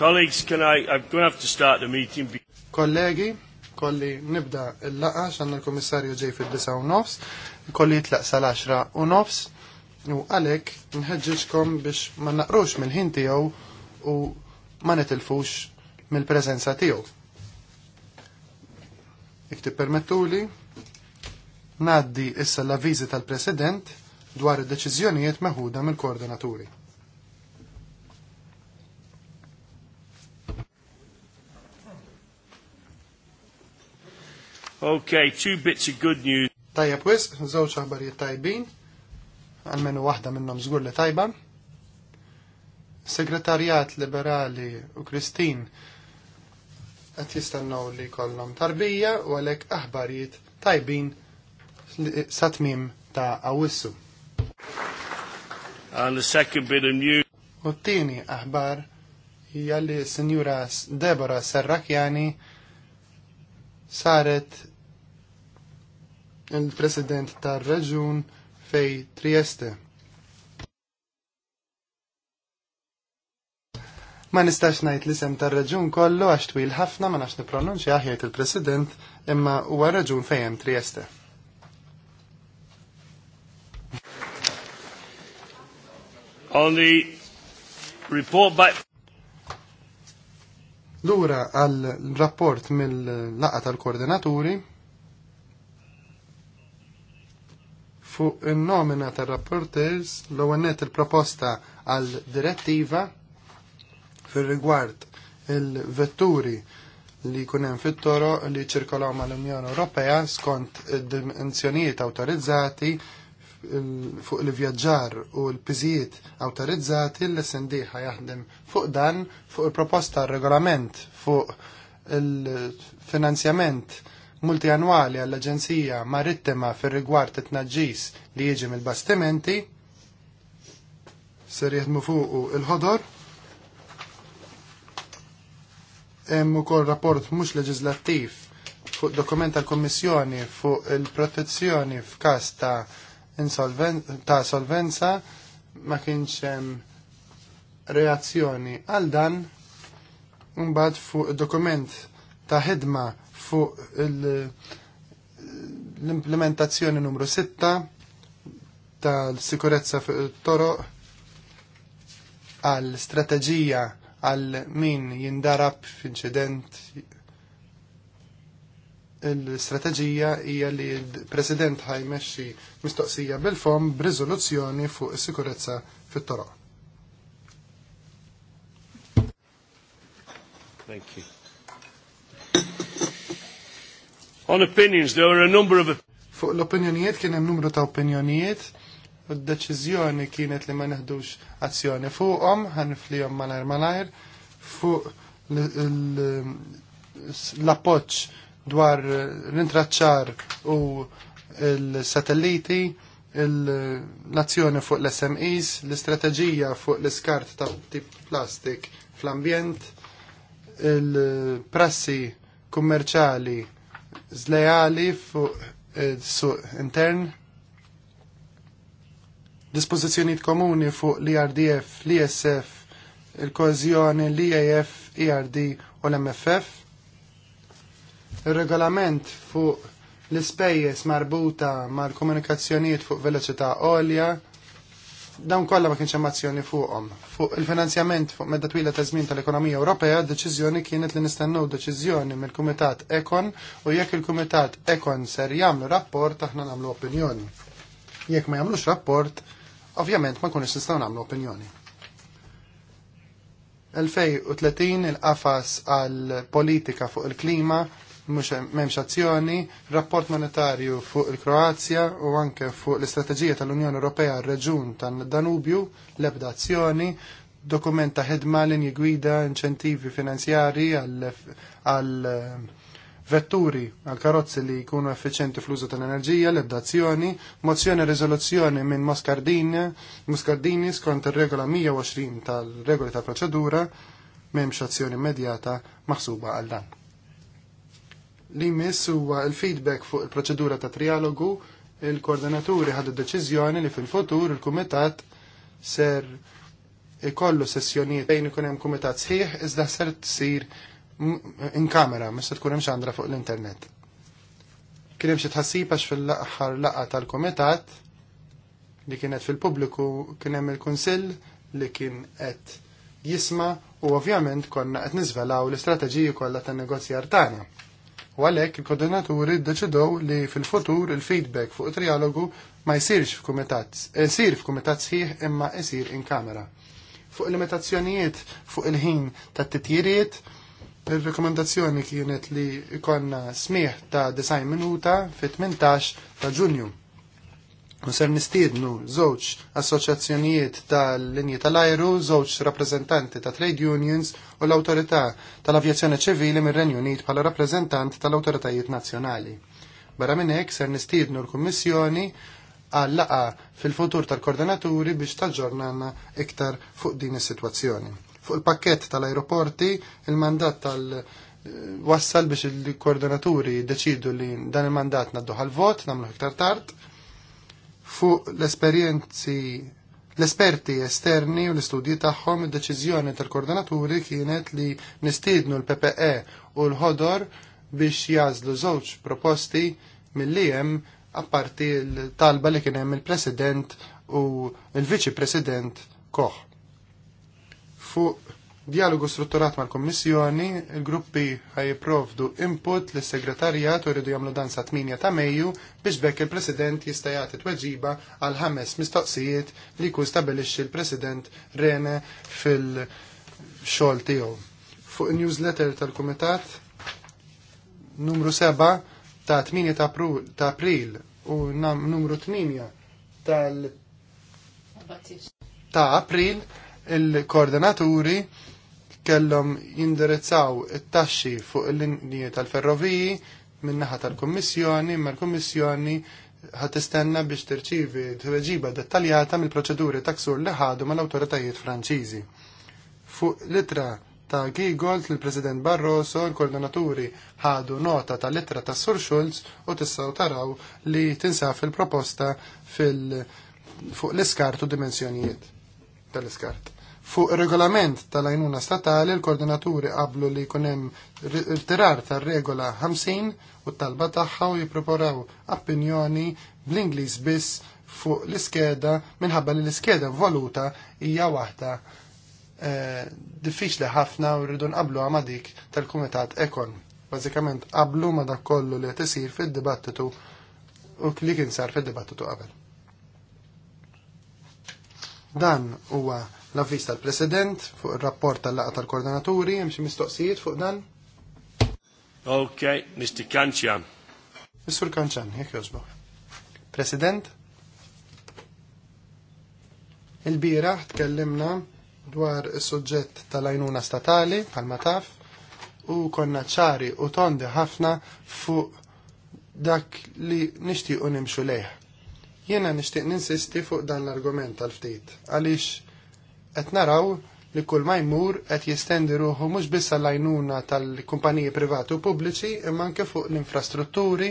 Colleagues, can I, I'm going to have to start the meeting. Kollegi, kolli nibda il-laqa xanna l-komissarju ġej fil-9 u nofs, kolli jitlaq sal-10 u nofs, u għalek nħedġiġkom biex ma naqrux mill-ħin tiegħu u ma netilfux mill-prezenza tiegħu. Jekk permettuli naddi issa l-avviżi tal-President dwar id-deċiżjonijiet meħuda mill-koordinaturi. Okay, two bits of good news. Tajja wis, żewġ aħbarijiet tajbin, għalmenu waħda minnhom żgur li tajba. Segretarjat Liberali u Kristin għat jistennew li jkollhom tarbija u għalhekk aħbarijiet tajbin sa tmiem ta' Awwissu. And the second bit of news. U t-tieni aħbar hija li Sinjura Deborah Serrakjani saret il-President tar reġun fej Trieste. Ma nistax najt li sem tar reġun kollu għax twil ħafna ma nax nipronunċi aħjajt il-President imma huwa reġun fejem Trieste. On the report by Lura għal rapport mill-laqa tal-koordinaturi fuq in-nomina tar-rapporters l-ewwel il-proposta għal direttiva fir-rigward il-vetturi li jkun hemm fit-toro li ċirkolaw mal-Unjoni Ewropea skont id-dimensjonijiet awtorizzati fuq il vjaġġar u l-piżijiet awtorizzati l-SND jaħdem fuq dan fuq il-proposta regolament fuq il-finanzjament il finanzjament multianwali għall-Aġenzija Marittima fir-rigward it-tnaġġis li jiġi mill-bastimenti ser jaħdmu fuqu il-ħodor. Hemm ukoll rapport mhux leġislattiv fuq dokument tal kummissjoni fuq il-protezzjoni f'każ ta' insolven ta' solvenza ma kienx hemm reazzjoni għal dan mbagħad fuq dokument ta' ħidma fuq l-implementazzjoni numru 6 tal-sikurezza fuq it-toroq għal strategija għal min jindarab f'inċident il strategija hija li l-President ħajmexxi mistoqsija bil-fom b'riżoluzzjoni fuq is-sikurezza fit-toroq. Thank you. On opinions, there were a number of... Fuq l-opinjonijiet kien hemm numru ta' opinjonijiet u d-deċiżjoni kienet li ma neħdux azzjoni fuqhom, ħanflihom malajr malajr fuq l-appoġġ dwar l-intraċċar u l-satelliti, l-azzjoni fuq l-SMEs, l-istrateġija fuq l-iskart ta' tip plastik fl-ambjent, il-prassi kummerċali zlejali fuq eh, suq intern, dispożizzjonijiet komuni fuq l-IRDF, l-ISF, il-kozjoni, l-IAF, IRD u l-MFF, il-regolament fuq l-ispejjeż marbuta mal-komunikazzjonijiet fuq veloċità għolja, dawn kollha ma kienx hemm azzjoni fuqhom. Fuq il-finanzjament fuq medda twila ta' żmien tal-ekonomija Ewropea, deċiżjoni kienet li nistennew deċiżjoni mill-Kumitat Ekon u jekk il-Kumitat Ekon ser jagħmlu rapport aħna nagħmlu opinjoni. Jekk ma jagħmlux rapport, ovvjament ma kunx nistgħu nagħmlu opinjoni. 2030 il-qafas għal politika fuq il-klima m'hemmx azzjoni, rapport monetarju fuq il-Kroazja u anke fuq l istrategija tal-Unjoni Ewropea r-reġun tan-Danubju, l-ebda azzjoni, dokument ta' l linji gwida inċentivi finanzjari għal eh, vetturi għal karozzi li jkunu effiċenti fl-użu tal-enerġija, l-ebda azzjoni, mozzjoni e riżoluzzjoni minn Moscardini, Moscardini skont ir-regola 120 tal-regoli tal proċedura, m'hemmx azzjoni immedjata maħsuba għal dan. Li miss huwa l-feedback fuq il-proċedura ta' trialogu, il-koordinaturi ħadu deċiżjoni li fil-futur il-kumitat ser ikollu sessjonijiet bejn ikun hemm kumitat sħiħ iżda ser tsir in kamera, ma se tkun hemm xandra fuq l-internet. Kien hemm xi tħassib għax fil-aħħar laqgħa tal-kumitat li kienet fil-pubbliku kien hemm il-kunsill li kien qed jisma' u ovvjament konna qed niżvelaw l-istrateġiji kollha tan-negozjar tagħna. U għalhekk il-koordinaturi ddeċidew li fil-futur il-feedback fuq trialogu ma jsirx f'kumitat, isir f'kumitazz sħiħ imma isir in kamera. Fuq limitazzjonijiet fuq il-ħin tat-titjiriet, il-rekomendazzjoni kienet li ikonna smieħ ta' design minuta fit-18 ta' Ġunju U ser nistiednu żewġ assoċjazzjonijiet tal-linji tal-ajru, żewġ rappreżentanti ta' trade unions u l-awtorità tal-avjazzjoni ċivili mir-Renju Unit bħala rappreżentant tal-awtoritajiet nazzjonali. Barra minn hekk ser nistiednu l-Kummissjoni għal laqa fil-futur tal-koordinaturi biex tal-ġornana iktar fuq din is-sitwazzjoni. Fuq il-pakkett tal-aeroporti, il-mandat tal-, wassal biex il-koordinaturi deċidu li dan il-mandat naddu għal-vot, namlu iktar tard, fuq l-esperjenzi l-esperti esterni u l-istudji tagħhom id-deċiżjoni tal-koordinaturi kienet li nistiednu l-PPE u l-ħodor biex jażlu żewġ proposti mill hemm apparti l-talba li kien hemm il-President u l-Viċi President Koch. Fuq Dialogu strutturat mal-Kommissjoni, il-gruppi ħajprovdu input l segretarjat u jridu jagħmlu dan sa 8 ta' Mejju biex bekk il-President jista' jagħti tweġiba għal ħames mistoqsijiet li jkun stabilixxi l-President Rene fil-xogħol tiegħu. Fuq newsletter tal-Kumitat numru 7 ta' 8 ta' April u numru 8 tal ta' April il-koordinaturi kellhom jindirizzaw it-taxxi fuq il-linji tal-ferroviji min-naħa tal-Kummissjoni, imma l-Kummissjoni ħat istenna biex tirċivi tweġiba dettaljata mill-proċeduri ta' li ħadu mal-awtoritajiet Franċiżi. Fuq litra ta' Gigolt il-President Barroso, l-koordinaturi ħadu nota ta' litra ta' Sur Schulz u tistgħu taraw li tinsaf il-proposta fil fuq l iskartu dimensjonijiet tal-iskart. Fuq regolament tal-għajnuna statali, l-koordinaturi qablu li kunem tirar tal-regola 50 u talba tagħha u jiproporaw opinjoni bl-Ingliż biss fuq l-iskeda minħabba li l-iskeda voluta hija waħda eh, diffiċli ħafna u rridu nqablu għamadik dik tal-Kumitat Ekon. Bażikament qablu ma' dak kollu li qed isir fid-dibattitu u li kien sar fid-dibattitu qabel. Dan huwa l-avviż tal-President fuq ir-rapport tal-laqa tal-Koordinaturi, hemm xi mistoqsijiet fuq dan? Ok, Mr. Kanċan. Mr. Kanċjan, jekk jogħġbok. President? il bira tkellimna dwar is-suġġett tal-għajnuna statali pal mataf u konna ċari u tondi ħafna fuq dak li nixtiequ nimxu lejh. Jiena nixtieq ninsisti fuq dan l-argument tal-ftit għaliex qed naraw li kull ma jmur qed jistendi ruħu mhux biss lajnuna tal-kumpaniji privati u pubbliċi imma anke fuq l-infrastrutturi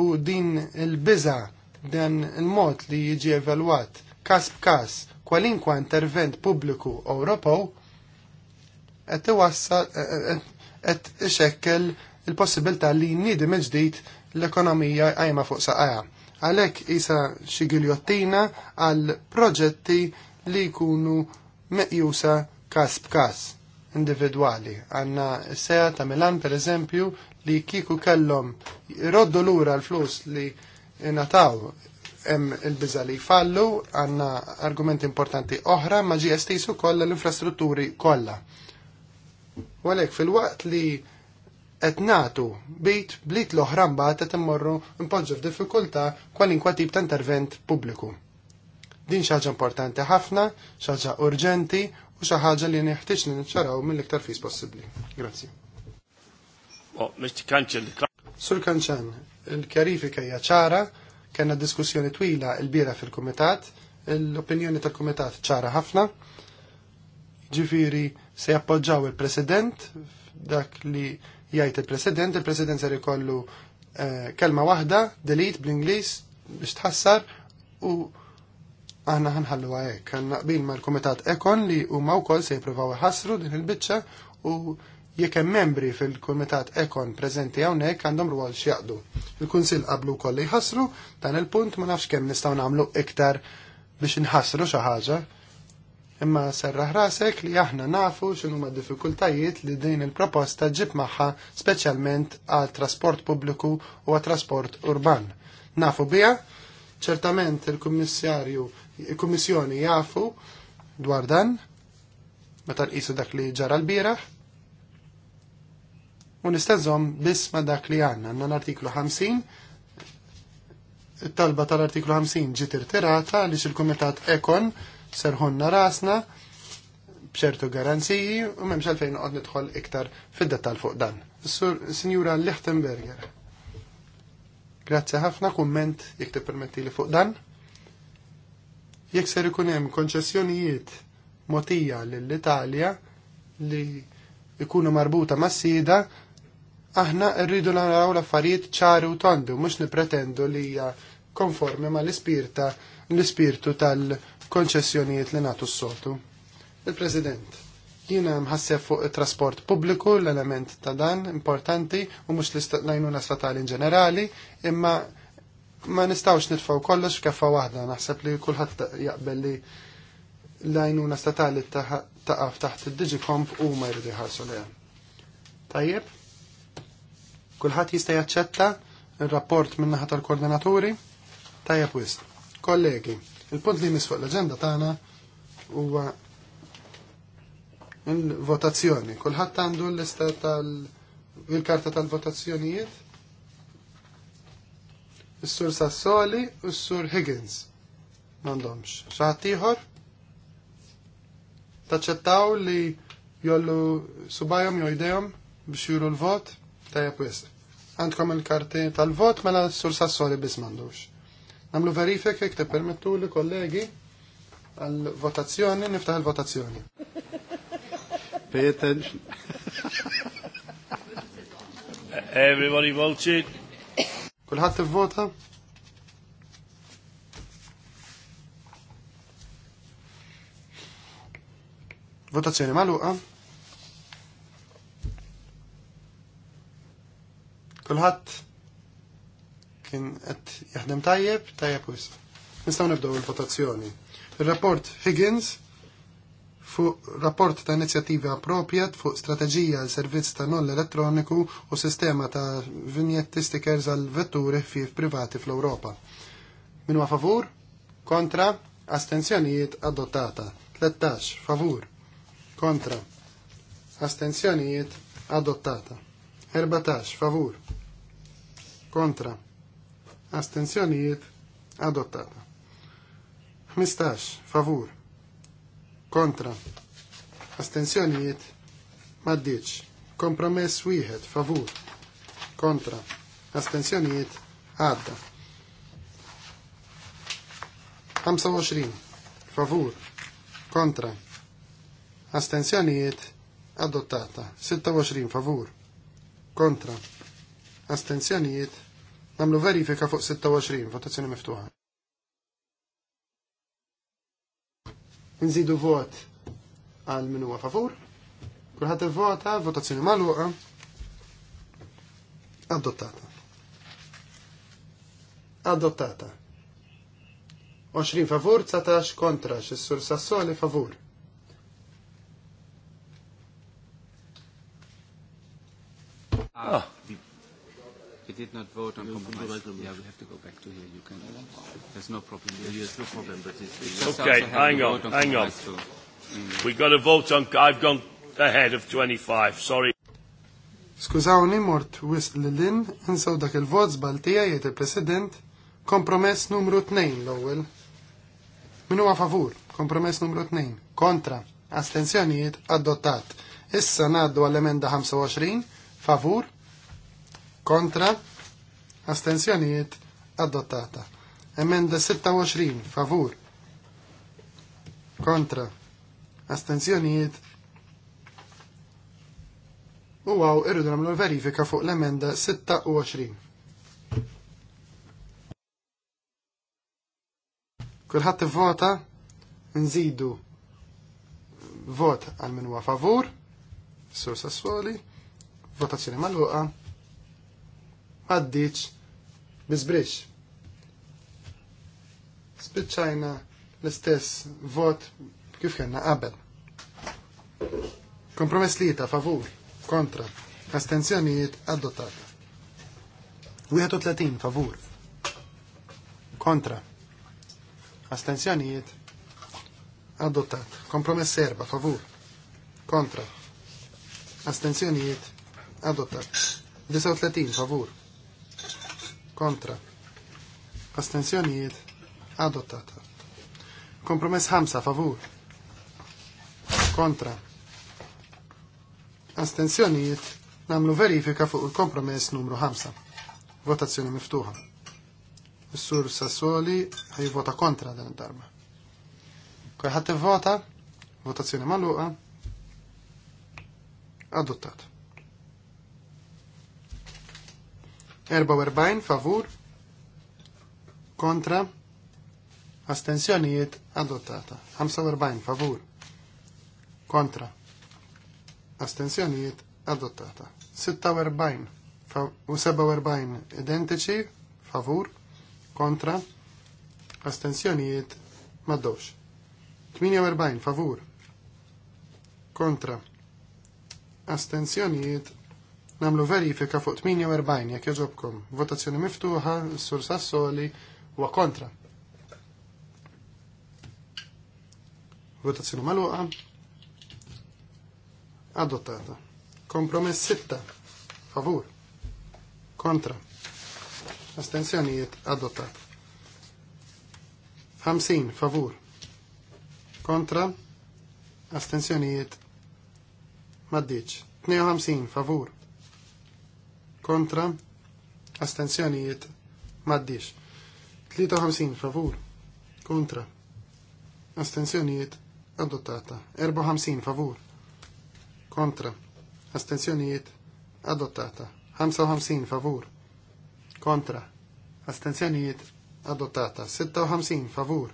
u din il biza dan il-mod li jiġi evalwat każ b'każ kwalinkwa intervent pubbliku Ewropew qed iwassal qed ixekkel il-possibilità li jniedem il-ġdid l-ekonomija għajma fuq saqajja. Għalhekk isa xi giljottina għal proġetti li jkunu meqjusa kas b'kas individwali. Għanna seja ta' Milan per eżempju li kiku kellhom roddu lura l-flus li nataw hemm il-biża li jfallu, għandna argumenti importanti oħra ma ġie estisu kollha l-infrastrutturi kollha. Walek fil-waqt li qed nagħtu bit blit l-oħra mbagħad qed immorru impoġġu f'diffikultà kwalinkwa tip ta' intervent pubbliku. Din xaġa importanti ħafna, xaġa urġenti u xi ħaġa li neħtieġ li niċċaraw mill-iktar fis possibbli. Grazzi. Sur kanċan, il-kjarifika hija ċara, kena diskussjoni twila il-bira fil-kumitat, l-opinjoni tal-kumitat ċara ħafna, ġifiri se jappoġġaw il-president, dak li jgħid il-president, il-president ser ikollu eh, kelma waħda, delete bl-Inglis biex tħassar u aħna ħanħallu għajek. Għanna qbil ma l-Komitat Ekon li huma wkoll se jippruvaw ħasru din il-biċċa u jekk hemm membri fil-Kumitat Ekon preżenti hawnhekk għandhom rwol x'jaqdu. Il-Kunsill qablu wkoll li jħassru dan il-punt ma nafx kemm nistgħu nagħmlu iktar biex inħassru xi ħaġa. Imma serraħ rasek li aħna nafu x'inhu ma diffikultajiet li din il-proposta ġib magħha speċjalment għal trasport pubbliku u għal trasport urban. Nafu biha, ċertament il-Kummissarju il-Kummissjoni jafu dwar dan meta nqisu dak li ġara l bira u nistenżom biss ma dak li għandna għanna l-artiklu 50 it-talba tal-artiklu 50 ġiet irtirata għaliex il-Kumitat Ekon serħonna rasna bċertu garanziji u memx għalfejn għod nidħol iktar fid-dettal fuq dan. Signora Lichtenberger. Grazie ħafna, komment jek permetti li fuq dan. Jekk ser ikun hemm konċessjonijiet motija lill-Italja li ikunu marbuta mas sida, aħna rridu naraw l-affarijiet ċari u tondu, mhux nipretendu li hija konformi ma l-ispirta l-ispirtu tal-konċessjonijiet li nagħtu s-soltu. Il-President, jiena mħassef fuq it trasport pubbliku l-element ta' dan importanti u mhux l-istatnajnu statali in ġenerali, imma ma nistawx nitfaw kollox kaffa waħda, naħseb li kulħadd jaqbel li l-għajnuna statali taqaf taħt id-Digicomp u ma jridu jħarsu għan. Tajjeb, kulħadd jista' jaċċetta il-rapport minna naħa tal-koordinaturi, tajjeb wisq. Kollegi, il-punt li misfuq l-aġenda tagħna huwa il-votazzjoni. Kulħadd għandu l-lista tal-karta tal-votazzjonijiet? Is-sur Sassoli u s-sur Higgins. M'għandhomx. Xaħat Taċċettaw li jollu subajom jew jdejhom biex juru l-vot? Tajjeb wisq. Għandkom il-karti tal-vot mela s-sur Sassoli biss m'għandux. Namlu verifika jek permettu li kollegi għal-votazzjoni, niftaħ il-votazzjoni. Pay attention. Everybody voted. Kulħadd ivvota? Votazzjoni magħluqa. Kulħadd kien qed jaħdem tajjeb, tajjeb wisq. Nistgħu nibdew il-votazzjoni. Il-rapport Higgins fuq rapport ta' inizjattiva propja fuq strateġija għal servizz ta' noll elettroniku u sistema ta' vinjetti stickers għal vetturi fif privati fl-Ewropa. Minu a favur? Kontra? Astenzjonijiet adottata. 13. Favur. Kontra. Astenzjonijiet adottata. 14. Favur. Kontra. Astenzjonijiet adottata. 15. Favur kontra, astensjonijiet, maddiċ. Kompromess wieħed, favur, kontra, astensjonijiet, għadda. 25, favur, kontra, astensjonijiet, adottata. 26, favur, kontra, astensjonijiet, namlu verifika fuq 26, votazzjoni miftuħa. nżidu vot għal min huwa favur. Kulħadd ivvota, votazzjoni magħluqa adottata. Adottata. 20 favur, 19 kontra, xissur Sassoli favur. Ah, We did not vote on compromise. Yeah, we have to go back to here. You can. There's no problem. There is no problem, but it's. it's okay, hang on, on, hang on. So, Mm. We got to vote on. I've gone ahead of 25. Sorry. Skużawni mort wis l-lin, nsaw dak il-vot zbaltija jiet il-President, kompromess numru 2 l-ewel. Minu a favur, kompromess numru 2, kontra, astenzjonijiet adottat. Issa naddu għall-emenda 25, favur, kontra, astensjonijiet adottata. Emenda 26, favur, kontra, astensjonijiet u għaw irridu namlu verifika fuq l-emenda 26. Kulħadd vota nżidu vot għal min huwa favur, sur sassuoli, votazzjoni magħluqa għaddiċ bizbriċ. Spiċċajna l-istess vot kif kena qabel. Kompromess li ta' favur, kontra, astenzjonijiet adottat. 31 favur, kontra, astenzjonijiet adottat. Kompromess serba favur, kontra, astenzjonijiet adottat. 39 favur, kontra Astenzjonijiet. adottata. Kompromess 5 favur kontra Astenzjonijiet namlu verifika fuq il-kompromess numru 5. Votazzjoni miftuħa. sur Sassoli vota kontra dan id-darba. Kajħat vota, votazzjoni maluqa, adottat. 44 favur kontra astensjonijiet adottata 45 favur kontra astensjonijiet adottata 46 u 47 identici favur kontra astensjonijiet maddox 48 favur kontra astensjonijiet Namlu verifika fuq 48 jekk jogħġobkom. Votazzjoni miftuħa, sur Sassoli huwa kontra. Votazzjoni magħluqa. Adottata. Kompromess 6. Favur. Kontra. Astenzjonijiet adottat. 50 favur. Kontra. Astenzjonijiet maddiċ. 52 favur kontra, astenzjonijiet maddix. 53 favur, kontra, astenzjonijiet adottata. 54 favur, kontra, astenzjonijiet adottata. 55 favur, kontra, astenzjonijiet adottata. 56 favur,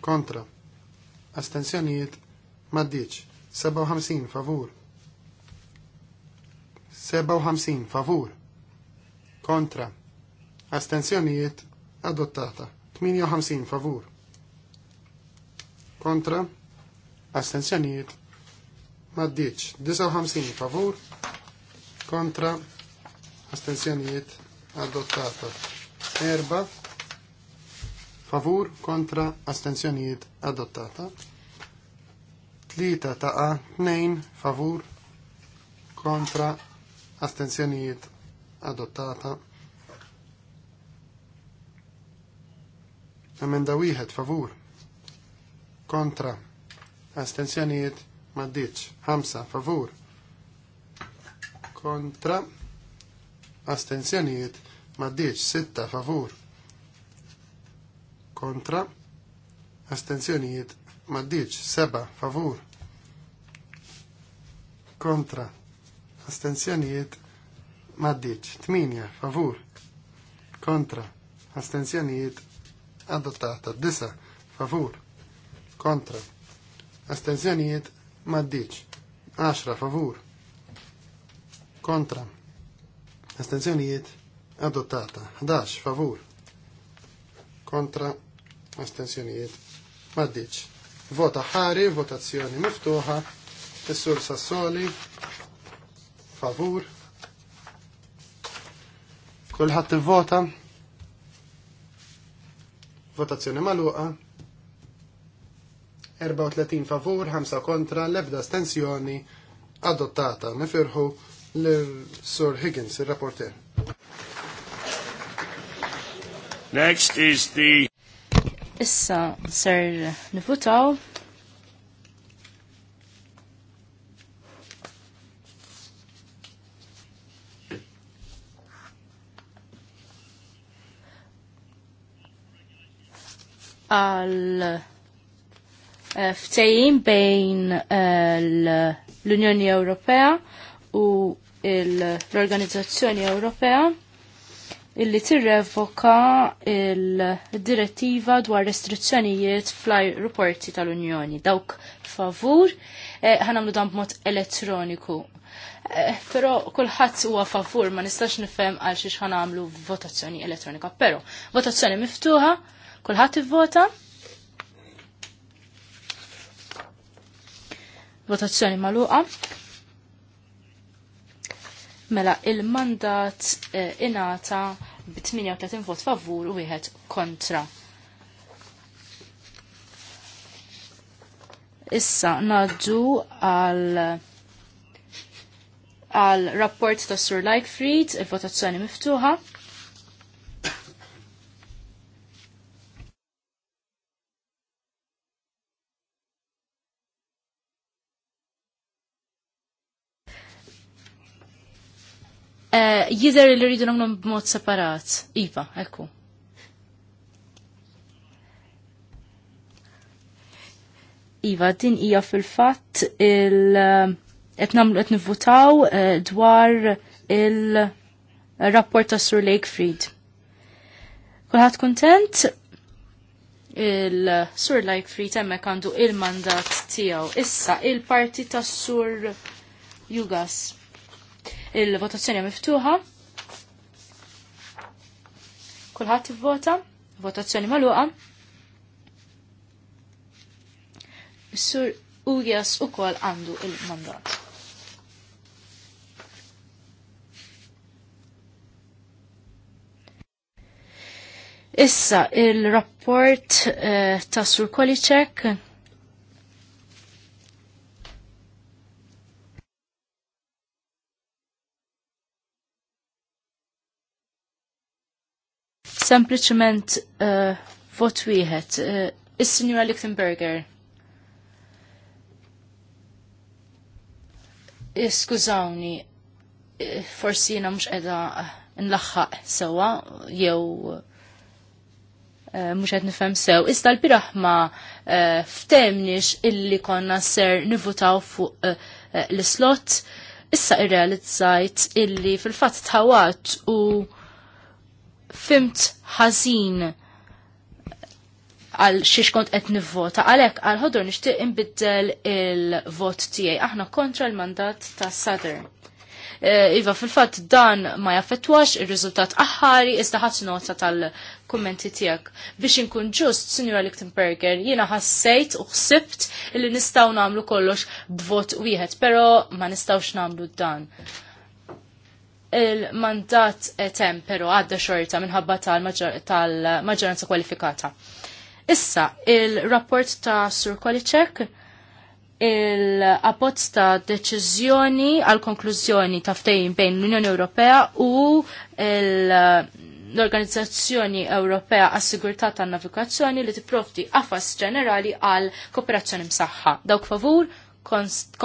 kontra, astenzjonijiet maddiċ. 57 favur, 57 favur kontra Astenzjonijiet adottata 58 favur kontra Astenzjonijiet maddiċ 59 favur kontra Astenzjonijiet adottata Erba. favur kontra astenzjonijiet adottata 3 ta' 2 favur kontra astenzjonijiet adottata. Emenda wieħed favur kontra astenzjonijiet maddiċ. Hamsa favur kontra astenzjonijiet maddiċ. Sitta favur kontra astenzjonijiet maddiċ. Seba favur kontra astenzjonijiet maddiċ. Tminja, favur kontra astenzjonijiet adottata. Disa. favur kontra astenzjonijiet maddiċ. 10 favur kontra astenzjonijiet adottata. 11 favur kontra astenzjonijiet maddiċ. Vota ħari, votazzjoni miftuħa, tessur Sassoli, favur. Kulħadd ivvota. Votazzjoni magħluqa. 34 favur, 5 kontra, l-ebda stensjoni adottata. Nifirħu l-Sur Higgins, il-rapporter. Next is the... Issa, sir, nifutaw għal eh, ftejjim bejn eh, l-Unjoni Ewropea u l-Organizzazzjoni Ewropea illi tirrevoka il-direttiva dwar restrizzjonijiet fl-aeroporti tal-Unjoni. Dawk favur, eh, ħanamlu dan b'mod elettroniku. Pero kullħat huwa favur ma nistax nifhem għal xiex ħanamlu votazzjoni elettronika. Pero votazzjoni miftuħa Kulħadd ivvota? Votazzjoni magħluqa. Mela il-mandat eh, inata b 38 vot favur u wieħed kontra. Issa naddu għal għal rapport ta' Sur Lightfried, il-votazzjoni miftuħa. Eh, jidher li rridu nagħmlu b'mod separat. Iva, ekku. Iva, din hija fil-fatt il qed nagħmlu qed nivvutaw eh, dwar il-rapport ta' Sur Lakefried. Kulħadd kuntent il-Sur Lakefried hemmhekk għandu il-mandat tiegħu. Issa il-parti tas Sur Jugas il-votazzjoni miftuħa. Kulħadd ivvota, votazzjoni magħluqa. Sur Ugias ukoll għandu il-mandat. Issa, il-rapport uh, ta' Sur Kolicek Sempliċement uh, vot wieħed. Uh, Is-Sinjura Lichtenberger. Iskużawni, eh, eh, forsi jena mux edha eh, nlaħħaq sewa, jew mux għed nifem sew. Iżda l-biraħ ma ftemnix illi konna ser nivutaw fuq l-slot, issa irrealizzajt illi fil-fat tħawat u fimt ħażin għal xiex kont qed nivvota. Għalhekk għal ħodur nixtieq inbiddel il-vot tiegħi. Aħna kontra l-mandat ta' Sader. E, iva, fil-fatt dan ma jaffettwax ir-riżultat aħħari iżda ħadd nota tal-kummenti tiegħek. Biex inkun ġust, Sinjura Lichtenberger, jiena ħassejt u ħsibt li nistgħu nagħmlu kollox b'vot wieħed, però ma nistgħux nagħmlu dan il-mandat tem, pero għadda xorta minħabba tal-maġġoranza kwalifikata. Issa, il-rapport ta' Sur Kolicek, il-abbozz ta' deċiżjoni għal konklużjoni ta' ftejn bejn l-Unjoni Ewropea u l-Organizzazzjoni Ewropea għas-Sigurtà tan-Navigazzjoni li tipprovdi qafas ġenerali għal kooperazzjoni msaħħa. Dawk favur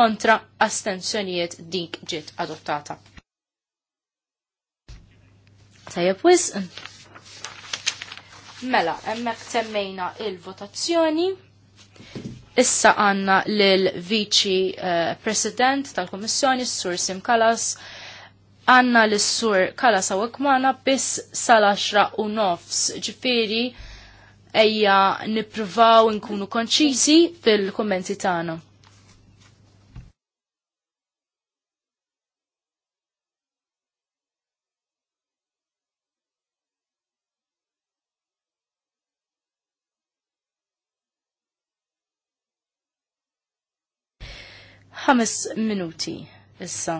kontra astenzjonijiet dik ġiet adottata. Tajab wis. Mela, emmek temmejna il-votazzjoni. Issa għanna l-Vici eh, President tal-Komissjoni, Sur Sim Kalas, għanna l-Sur Kalas għawekmana bis sal-10 u nofs ġifiri eja nipruvaw nkunu konċizi fil-kommenti tagħna. ħames minuti issa.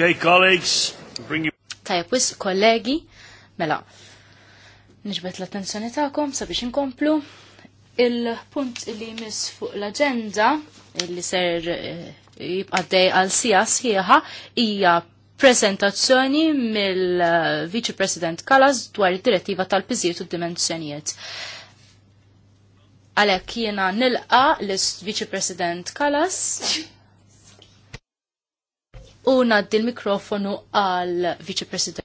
Okay, colleagues, bring you... Tajab, wis kollegi, mela, nġbet l-attenzjoni ta'kom sabiex inkomplu. Il-punt li jmiss fuq l-agenda, li ser eh, jibqaddej għal sija sħiħa, hija prezentazzjoni mill-Vice President Kalas dwar id-direttiva tal-piżiet u dimensjonijiet. Għalek jiena nilqa l-Vice President Kalas u naddi l-mikrofonu għal Vice President.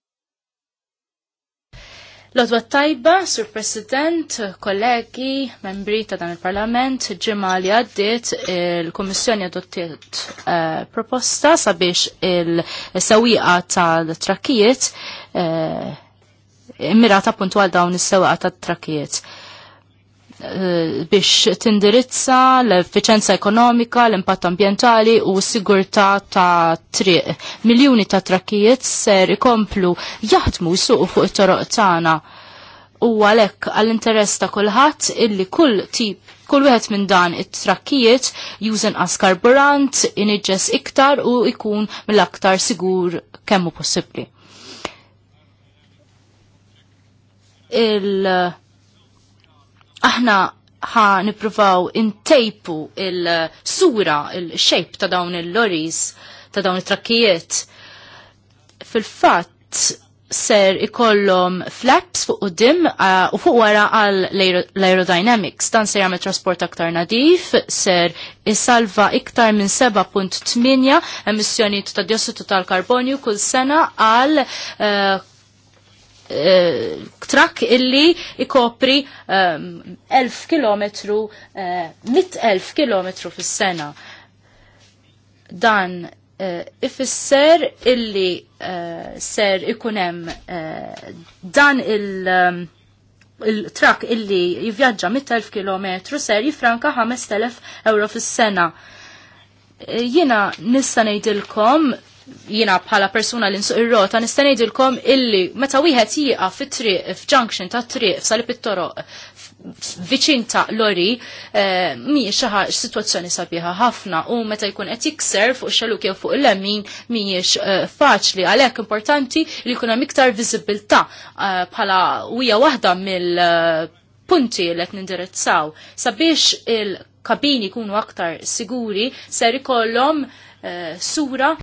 Lodwa tajba, Sur President, kollegi, membri ta' dan il-Parlament, ġimma li għaddit il komissjoni adottiet uh, proposta sabiex il-sawiqa tal-trakkijiet uh, immirata puntual dawn is-sawiqa tal-trakkijiet. Eh, biex tindirizza l-effiċenza ekonomika, l-impatt ambientali u s-sigurtà ta' triq. Miljuni ta' trakkijiet ser ikomplu jaħdmu suq fuq it-toroq tagħna. U għalhekk għall-interess ta' kulħadd illi kull tip kull wieħed minn dan it-trakkijiet juża as karburant, iniġġes iktar u jkun mill-aktar sigur kemm hu possibbli. il- Aħna ħa nipruvaw intejpu il-sura, il-xejp ta' dawn il-loris, ta' dawn il-trakkijiet. Fil-fatt, ser ikollhom flaps fuq u dim uh, u fuq wara għal l-aerodynamics. Dan ser jagħmel trasport aktar nadif, ser isalva iktar minn 7.8 emissjonijiet ta' diossidu tal-karbonju kull sena għal uh, Eh, trak illi ikopri 1000 km, 1000 km fis-sena. Dan eh, ifisser illi eh, ser ikunem dan il- ehm, il-trak illi jivjaġġa 100.000 km ser jifranka 5.000 euro fis-sena. Jina nista' ngħidilkom jina bħala persuna li nsuq ir-rota nista' ngħidilkom illi meta wieħed jieqa fit-triq f'junction ta' triq f'salib it-toroq viċin ta' lori eh, mi xaħa situazzjoni sabiħa ħafna u meta jkun qed jikser fuq xaluk jew fuq il-lemmin mhijiex eh, faċli għalhekk importanti li jkun hemm iktar viżibilità eh, bħala hija waħda mill-punti li qed nindirizzaw sabiex il-kabini jkunu aktar siguri ser ikollhom sura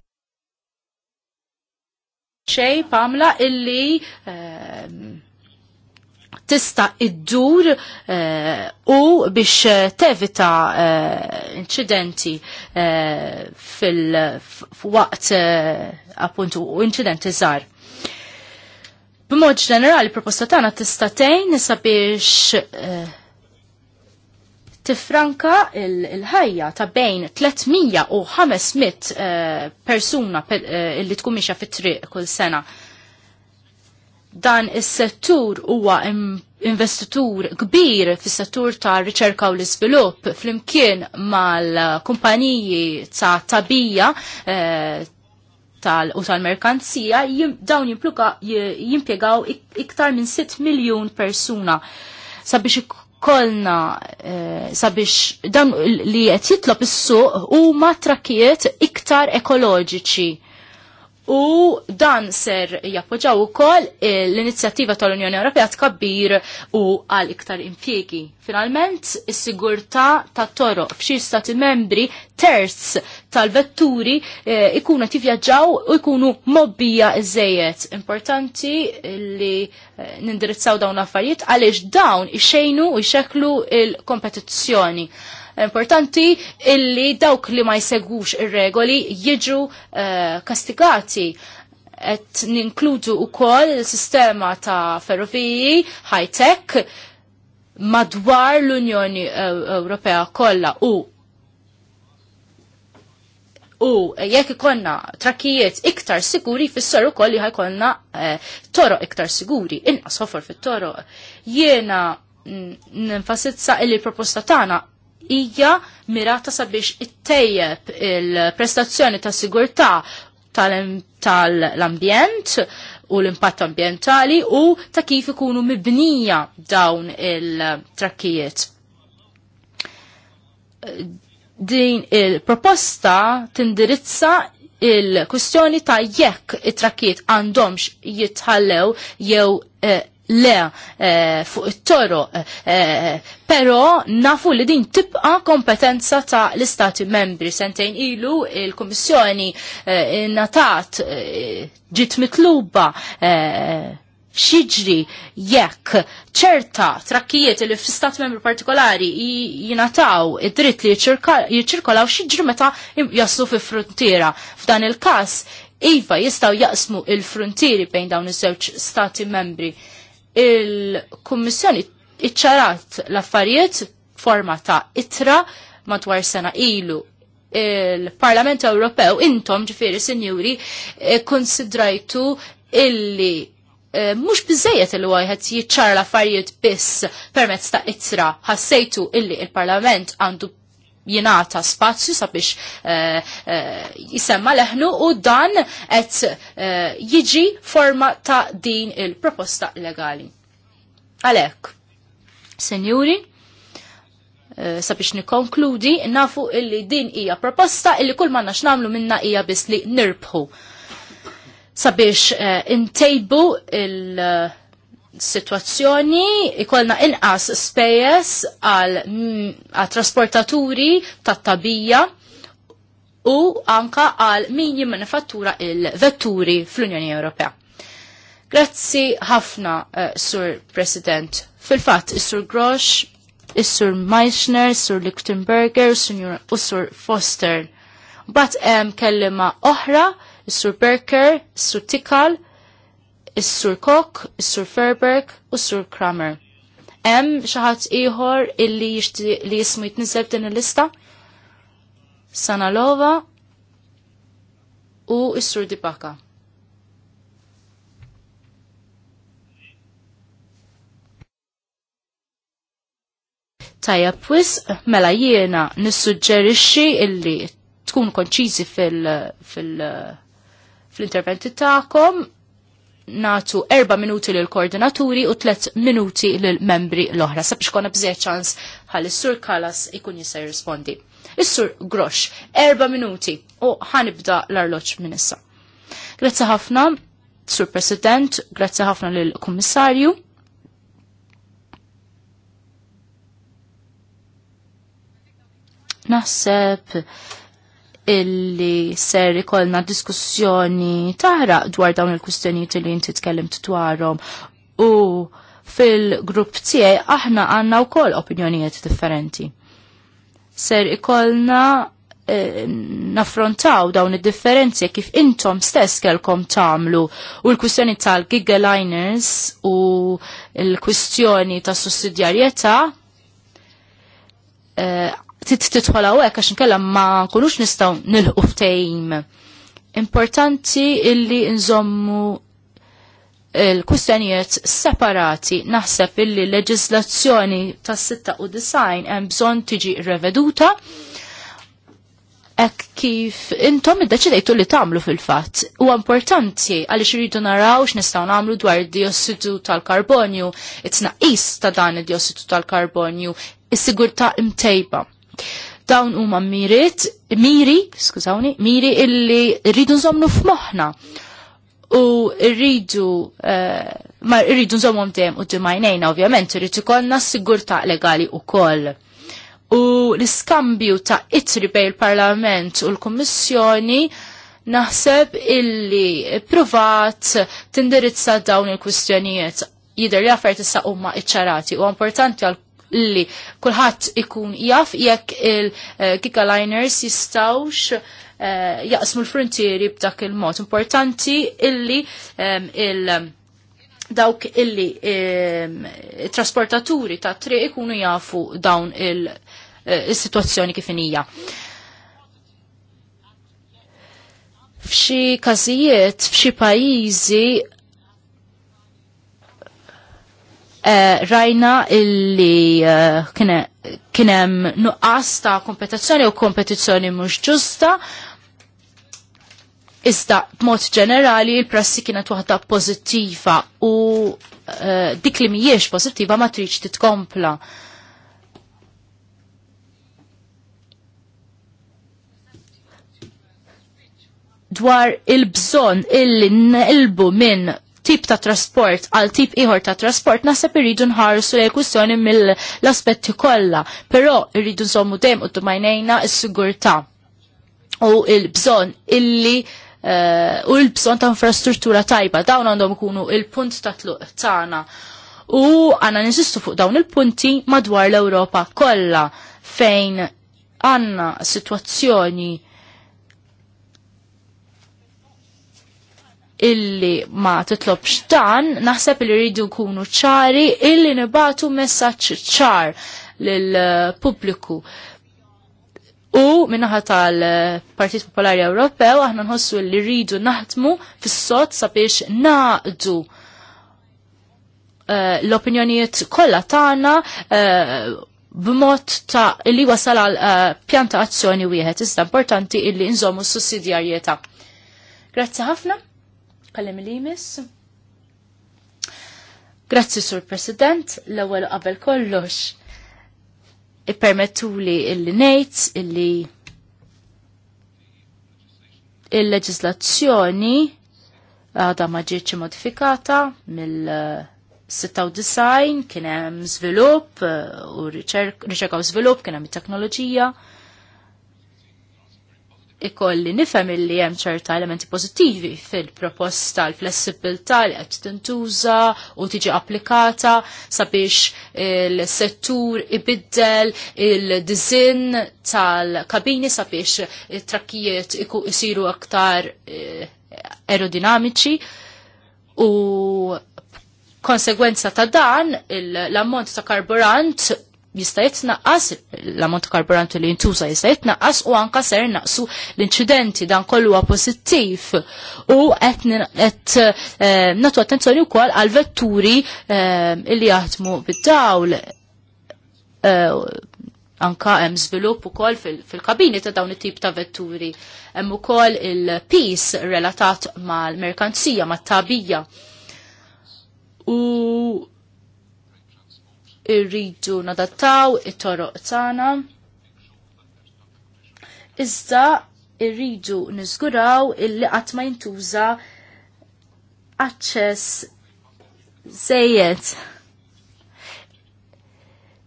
xej pamla illi ehm, tista iddur eh, u biex tevita eh, incidenti eh, fil-waqt appuntu incidenti zar. B'mod ġenerali, proposta tagħna tista' tgħin sabiex tifranka il-ħajja ta' bejn 300 u 500 eh, persuna eh, li tkun miexa fit-triq kull sena. Dan is-settur huwa investitur kbir fis-settur ta' riċerka u l-iżvilupp flimkien mal-kumpaniji ta' tabija eh, tal u tal-merkanzija dawn jimpiegaw iktar minn 6 miljun persuna sabiex kolna eh, sabiex dan li qed jitlob is-suq huma trakkijiet iktar ekoloġiċi u dan ser jappoġġaw ukoll l-inizjattiva tal-Unjoni Ewropea tkabbir u għal iktar impjiegi. Finalment, is-sigurtà ta' toro f'xi stati membri terz tal-vetturi eh, ikunu tivjaġġaw u ikunu mobbija iżejjed. Importanti li eh, nindirizzaw dawn l-affarijiet għaliex dawn ixejnu u jxeklu il-kompetizzjoni. l il kompetizzjoni importanti illi dawk li ma jsegwux ir-regoli jiġu eh, kastigati et ninkludu u koll sistema ta' ferroviji, high-tech, madwar l-Unjoni eh, Ewropea kollha u u jekk ikonna trakkijiet iktar siguri fissar ukoll li ħajkonna eh, toro iktar siguri, inqas ħofor fit-toro. Jiena ninfasizza l proposta tagħna hija mirata sabiex it-tejjeb il-prestazzjoni ta' sigurtà tal-ambjent u l-impatt ambientali u ta' kif ikunu mibnija dawn il-trakkijiet. Din il-proposta tindirizza il-kwistjoni ta' jekk it-trakkiet għandhomx jitħallew jew eh, le eh, fuq it-toro, eh, eh, pero nafu li din tibqa kompetenza ta' l-istati membri. Sentejn ilu il-Komissjoni eh, natat ġit mitluba xiġri jekk ċerta trakkijiet li f-stat membru partikolari jinataw id-dritt li jċirkolaw xiġri meta jaslu fi frontiera. F'dan il-kas, Iva jistaw jaqsmu il-frontieri bejn dawn iż-żewġ stati membri il-Kummissjoni iċċarat l-affarijiet forma ta' itra matwar sena ilu il-Parlament Ewropew intom ġifiri sinjuri eh, konsidrajtu illi eh, mux bizzejet il wajħet jitċar l-affarijiet biss permezz ta' itra ħassejtu illi il-Parlament għandu jenata spazju sabiex eh, eh, jisemma leħnu u dan qed eh, jiġi forma ta' din il-proposta legali. Għalek, senjuri, sabiex nikonkludi, nafu illi din hija proposta illi kull manna xnamlu minna hija biss li nirbħu sabiex intejbu il- situazzjoni ikolna inqas spejjeż għal mm, trasportaturi tat-tabija u anka għal min jimmanifattura il-vetturi fl-Unjoni Ewropea. Grazzi ħafna, uh, Sur President. Fil-fatt, Sur Grosch, Sur Meissner, Sur Lichtenberger, u Sur Foster. Bat em kellima oħra, Sur Berker, Sur Tikal, is-Sur Kok, is-Sur Ferberg u s-Sur Kramer. Hemm xi ħadd ieħor illi jixtieq li jismu jitniżel din il-lista? Sanalova u s-Sur Dipaka. Tajja wis, mela jiena nissuġġerixxi illi tkun konċiżi fil-interventi fil, fil, fil tagħkom natu erba minuti l koordinaturi u 3 minuti l membri l-oħra. Sabiex konna bżie ċans għal sur Kalas ikun jista' jirrispondi. Is-sur Grosh, erba minuti u ħanibda l arloċ minn issa. Grazzi ħafna, Sur President, grazzi ħafna l kummissarju Naħseb illi ser ikollna diskussjoni taħra dwar dawn il-kustjonijiet li inti tkellim dwarhom u fil-grupp tiegħi aħna għandna wkoll opinjonijiet differenti. Ser ikollna eh, naffrontaw dawn id-differenzi kif intom stess kelkom tagħmlu u l-kwistjoni tal-gigaliners u l-kwistjoni tas sussidjarjetà eh, titħol hawnhekk għax nkella ma nkunux nistgħu nilħu ftejm. Importanti illi nżommu il-kustenijiet separati naħseb illi leġislazzjoni tas sitta u design hemm bżonn tiġi reveduta ek kif intom id-deċidejtu li tagħmlu fil-fatt. U importanti għaliex iridu naraw x'nistgħu nagħmlu dwar id-diossidu tal-karbonju, it-tnaqqis ta' dan id-diossidu tal-karbonju, is-sigurtà imtejba. Dawn huma mirit, miri, skużawni, miri illi rridu nżomnu f'moħħna u rridu eh, ma rridu nżommhom dejjem u dimajnejna ovvjament irid ikollna sigurtà legali wkoll. U l-iskambju ta' itri bej il-Parlament u l-Kummissjoni naħseb illi provat tindirizza dawn il-kwistjonijiet jider li għaffert issa umma iċċarati u importanti għal li kulħadd ikun jaf jekk il-kika eh, liners jistawx eh, jaqsmu l-frontieri b'dak il-mod. Importanti illi il- dawk illi trasportaturi ta' triq ikunu jafu dawn eh, il-situazzjoni kifinija. kif inija. F'xi każijiet, f'xi pajjiżi Eh, rajna illi eh, kienem nuqqas ta' kompetizzjoni u kompetizzjoni mhux ġusta. Iżda b'mod ġenerali il-prassi kienet waħda pożittiva u eh, dik li mhijiex pożittiva ma tridx titkompla. dwar il-bżon illi nqilbu minn tip ta' trasport għal tip ieħor ta' trasport naħseb irridu nħarsu lejn kwistjoni mill-aspetti kollha, però irridu nżommu dejjem u d s-sigurtà u l-bżonn illi eh, u l-bżonn ta' infrastruttura tajba dawn għandhom ikunu il-punt ta' tluq tagħna. U għanna ninsistu fuq dawn il-punti madwar l-Ewropa kollha fejn għanna situazzjoni illi ma titlobx dan, naħseb li rridu kunu ċari illi nibatu messaċ ċar l-publiku. Eh, U minnaħa tal-Partit Popolari Ewropew aħna nħossu li rridu naħdmu fis-sod sabiex naqdu eh, l-opinjonijiet kollha tagħna eh, b'mod ta' li wasal għal pjanta azzjoni wieħed. Iżda importanti illi nżommu s sussidjarjetà. Grazzi ħafna. Kallim li Grazzi, Sur President, l-ewwel qabel kollox. Ippermettuli illi ngħid illi il-leġislazzjoni għadha ma ġietx modifikata mill-96 kien hemm żvilupp u riċerkaw u żvilupp kien hemm it-teknoloġija ikolli nifhem li hemm ċerta elementi pożittivi fil-proposta l-flessibilità li qed tintuża u tiġi applikata sabiex il-settur ibiddel il-dizin tal-kabini sabiex it-trakkijiet isiru aktar eh, aerodinamiċi u konsegwenza ta' dan l-ammont ta' karburant jista' jitnaqqas l-ammont karburanti li jintuża jista' jitnaqqas u anka ser naqsu l-inċidenti dan kollu huwa pożittiv u qed eh, nagħtu attenzjoni wkoll għal vetturi eh, li jaħdmu bid-dawl eh, anka hemm żvilupp ukoll fil-kabini ta' dawn it-tip ta' vetturi. Hemm ukoll il-pis relatat mal-merkanzija, mat-tabija. U irridu nadattaw it-toroq tagħna. Iżda irridu niżguraw illi qatt ma jintuża aċċess żejjed.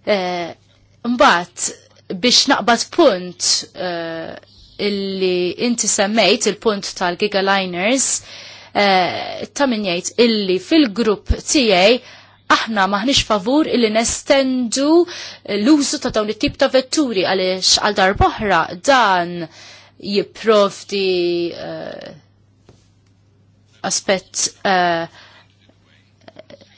E, Mbagħad biex naqbad punt eh, illi inti semmejt il-punt tal-gigaliners e, ta' min jgħid illi fil-grupp tiegħi aħna maħniex favur illi nestendu l-użu ta' dawn it-tip ta' vetturi għaliex għal dar boħra dan jipprovdi uh, aspett uh,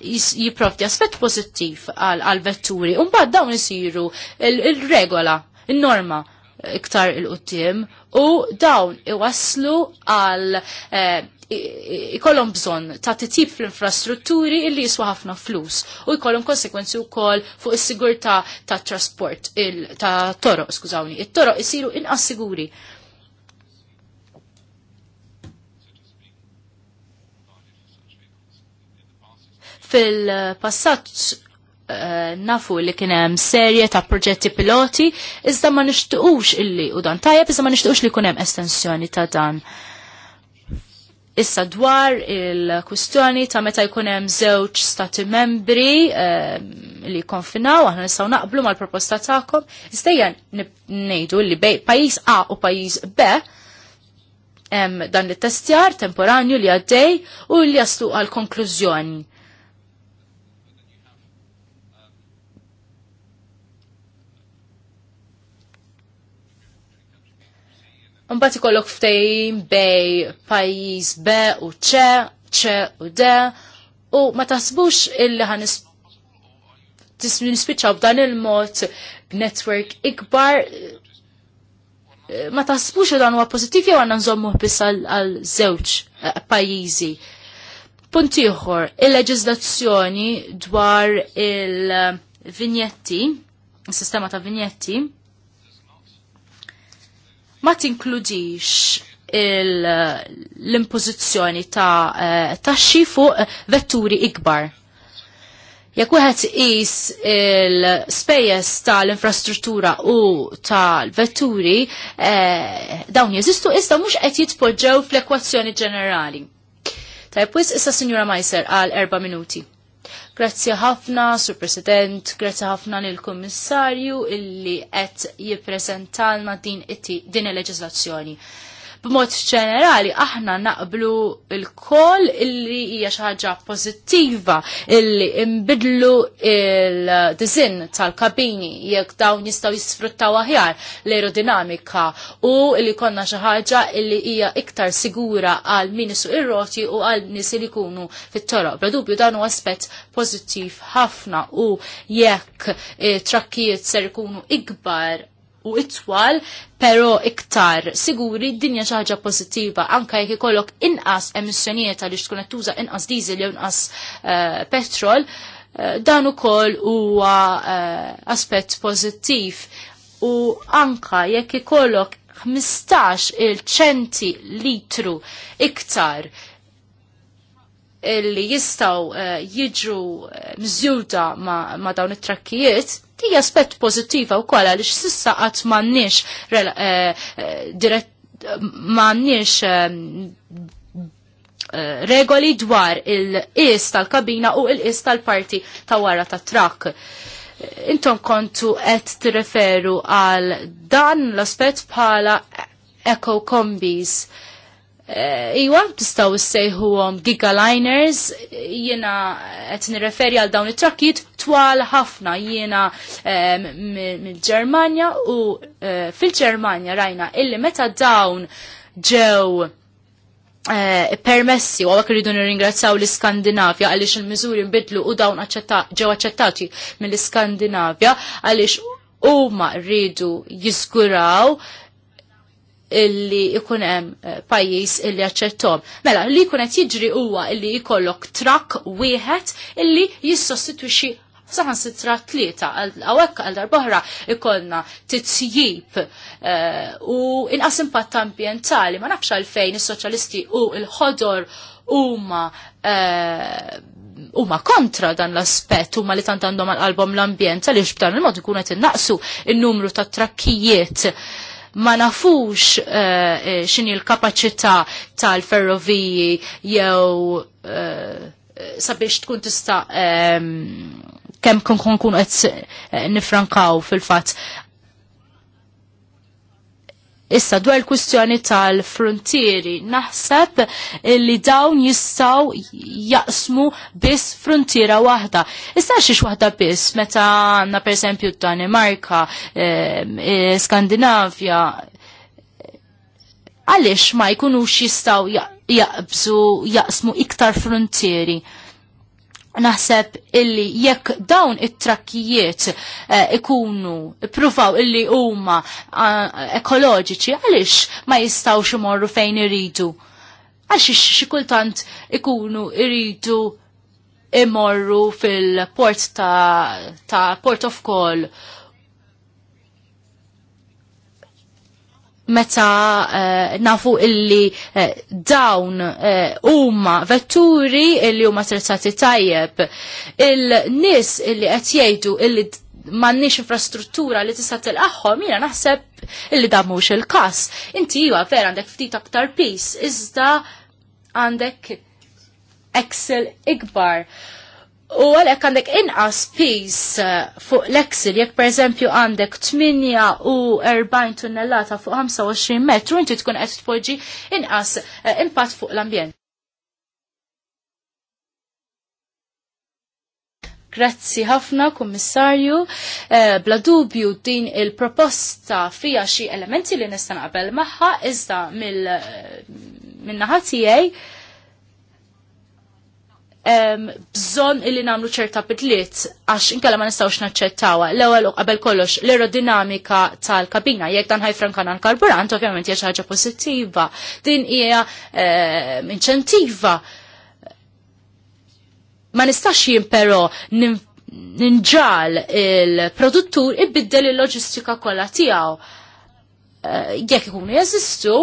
jipprovdi aspett pozittiv għal vetturi. bad dawn isiru il-regola, il il-norma iktar il qottim u dawn iwaslu għal uh, ikollhom bżonn ta' titjib fl-infrastrutturi illi jiswa ħafna flus u jkollhom konsekwenzi wkoll fuq is-sigurtà tat-trasport ta' toroq, skużawni, it-toroq isiru inqas siguri. Fil-passat eh, nafu li kienem serje ta' proġetti piloti, iżda ma nixtuqux illi u dan tajab, iżda ma nixtuqux li kunem estensjoni ta' dan. Uh, Issa dwar il-kustjoni ta' meta jkun hemm żewġ stati membri eh, li konfinaw, aħna nistgħu naqblu mal-proposta tagħkom, iżdejja ngħidu li pajjiż A u pajjiż B hemm dan it-testjar temporanju li għaddej u li jaslu għal konklużjoni. Mbagħad ikollok ftehim bej pajjiż B u ċe, ċe u D, u ma taħsbux illi ħan nispiċċaw b'dan il-mod b'network ikbar ma taħsbux li dan huwa pożittiv jew għandna nżommu biss għal żewġ eh, pajjiżi. Punt ieħor, il-leġiżlazzjoni dwar il-vinjetti, il sistema ta' vinjetti, ma tinkludix l-impożizzjoni ta' eh, taxxi fuq vetturi ikbar. Jekk wieħed is il-spejjeż tal-infrastruttura u tal-vetturi eh, dawn jeżistu iżda mhux qed jitpoġġew fl-ekwazzjoni ġenerali. Tajb, issa Sinjura Majser għal erba' minuti. Grazzi ħafna, Sur President, grazzi ħafna lil kummissarju illi qed jippreżentalna din it din il-leġislazzjoni b'mod ġenerali aħna naqblu l koll illi hija xi ħaġa pożittiva illi imbidlu il-dizin tal-kabini jekk dawn jistgħu jisfruttaw aħjar l-aerodinamika u illi konna xi ħaġa illi hija iktar sigura għal min su ir-roti u għal nies li jkunu fit-toroq. Bla dubju dan huwa aspett pożittiv ħafna u jekk eh, trakkijiet ser ikunu ikbar u itwal, pero iktar siguri dinja xi ħaġa pożittiva anke jekk ikollok inqas emissjonijiet għaliex tkun qed tuża inqas diesel jew inqas eh, petrol, eh, dan ukoll huwa eh, aspett pozittiv. u anka jekk ikollok 15 il-ċenti litru iktar li jistaw jiġru mżjuda ma, ma dawn it-trakkijiet, ti aspett pozittiva u kolla li sissa għat mannix eh, eh, dirett mannix eh, regoli dwar il is tal-kabina u il is tal-parti ta' wara ta' trak. Intom kontu qed tirreferu għal dan l-aspett bħala eco combis. Iwa, tistaw għom gigaliners, jena għet referi għal dawn it trakkit twal ħafna jiena mill-Ġermanja u e, fil-Ġermanja rajna illi meta dawn ġew e, permessi u għak rridu nirringrazzaw l-Skandinavja għalix il-mizuri nbidlu u dawn ġew accettati mill-Skandinavja għalix huma rridu jizguraw illi ikun hemm e, pajjiż illi aċċettom. Mela, li jkun qed jiġri huwa illi jkollok trakk wieħed illi jissostitwixxi saħan sitra tlieta għawek għal darbohra ikollna titsijib eh, u inqas impatt ambientali ma nafx għalfejn is soċalisti u il ħodor huma eh, huma kontra dan l-aspett huma li tant għandhom għal-album l-ambjent għaliex b'dan il-mod ikun qed innaqsu n-numru ta' trakkijiet ma nafux uh, eh, xini l-kapacità tal-ferroviji jew sabiex tkun tista' ehm, kem kun kun qed eh, nifrankaw fil-fatt. Issa dwar il-kwistjoni tal-frontieri, naħseb li dawn jistaw jaqsmu biss frontiera waħda. Issa xiex waħda biss, meta għanna per esempio Danimarka, eh, eh Skandinavja, għalix ma jkunux jistaw jaqbżu jaqsmu iktar frontieri naħseb illi jekk dawn it-trakkijiet eh, ikunu pruvaw illi huma eh, ekoloġiċi għaliex ma jistawx imorru fejn iridu. Għaliex xi kultant ikunu iridu imorru fil-port ta', ta Port of Call meta uh, nafu illi uh, dawn eh, huma uh, vetturi illi huma trezzati tajjeb. Il-nis illi qed jgħidu illi mannix infrastruttura li tista' tilqaħħom jiena naħseb illi dammux mhux il-każ. Inti iva vera għandek ftit aktar pis, iżda għandek Excel ikbar. Uh, U għalek għandek inqas pis uh, fuq l exil jek per eżempju għandek 48 tunnellata fuq 25 metru, inti tkun qed tpoġġi inqas uh, impatt fuq l-ambjent. Grazzi ħafna, kummissarju. Uh, bla dubju din il-proposta fija xi elementi li nista' naqbel magħha iżda mill-naħa tiegħi bżon illi namlu ċerta bidliet għax inkella ma nistawx naċċettawa. L-ewwel qabel kollox l-aerodinamika tal-kabina jekk dan ħajfrankana l-karburant ovvjament hija xi ħaġa pożittiva. Din hija inċentiva. Ma nistax jien però ninġal il-produttur ibiddel il-loġistika kollha tiegħu. Eh, jekk ikunu jeżistu,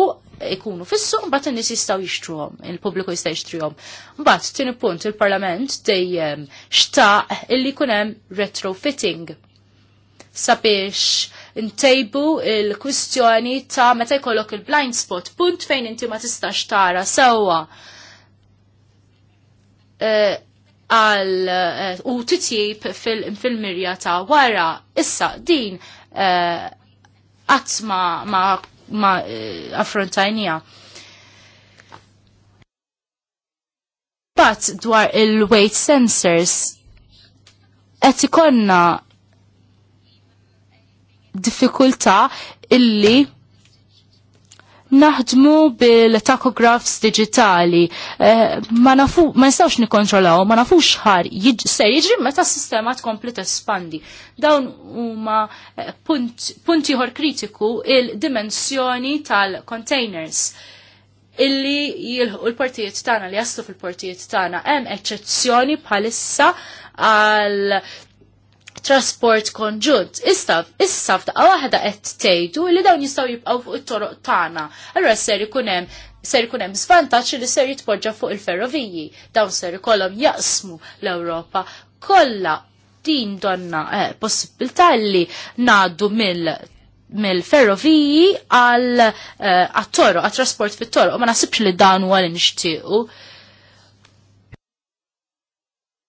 ikunu fissu suq mbagħad in-nies jistgħu jixtruhom, il-pubbliku jista' jixtruhom. Mbagħad tini punt il-Parlament dejjem xtaq illi jkun hemm retrofitting sabiex ntejbu il-kwistjoni ta' meta jkollok il-blind spot, punt fejn inti ma tistax tara sewwa eh, għal eh, u titjib fil-mirja ta' wara. Issa din għatma eh, ma ma eh, affrontajnija. Bat dwar il-weight sensors, qed ikonna diffikultà illi naħdmu bil-tachographs digitali. Eh, ma nafu, ma nistawx nikontrolaw, ma nafux ħar, se jiġri meta s-sistema tkompli espandi. Dawn huma eh, punti ħor kritiku il-dimensjoni tal-containers illi jilħu l-partijiet tagħna li jaslu fil-partijiet tagħna hemm eċċezzjoni bħalissa għal trasport konġunt. Istaf, issa f'daqqa waħda qed tgħidu li dawn jistgħu jibqgħu fuq it-toroq tagħna. Allura ser ikun hemm ser ikun hemm li ser jitpoġġa fuq il-ferroviji. Dawn ser ikollhom jaqsmu l-Ewropa Kolla din donna eh, li ngħaddu mill mill-ferroviji għal eh, għat-toro, għat-trasport fit-toro, ma nasibx li dan huwa li nixtiequ.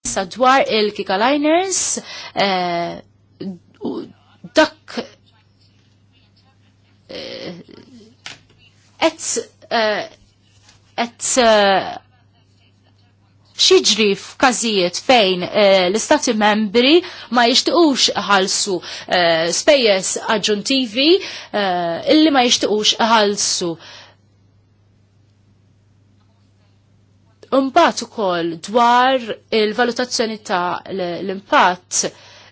Sadwar il-Kika Liners, eh, dak etz eh, etz eh, xieġri f'każijiet fejn l-istati membri ma jixtiqux ħalsu spejjeż aġġuntivi illi ma jixtiqux ħalsu. Imbagħad ukoll dwar il-valutazzjoni ta' l-impatt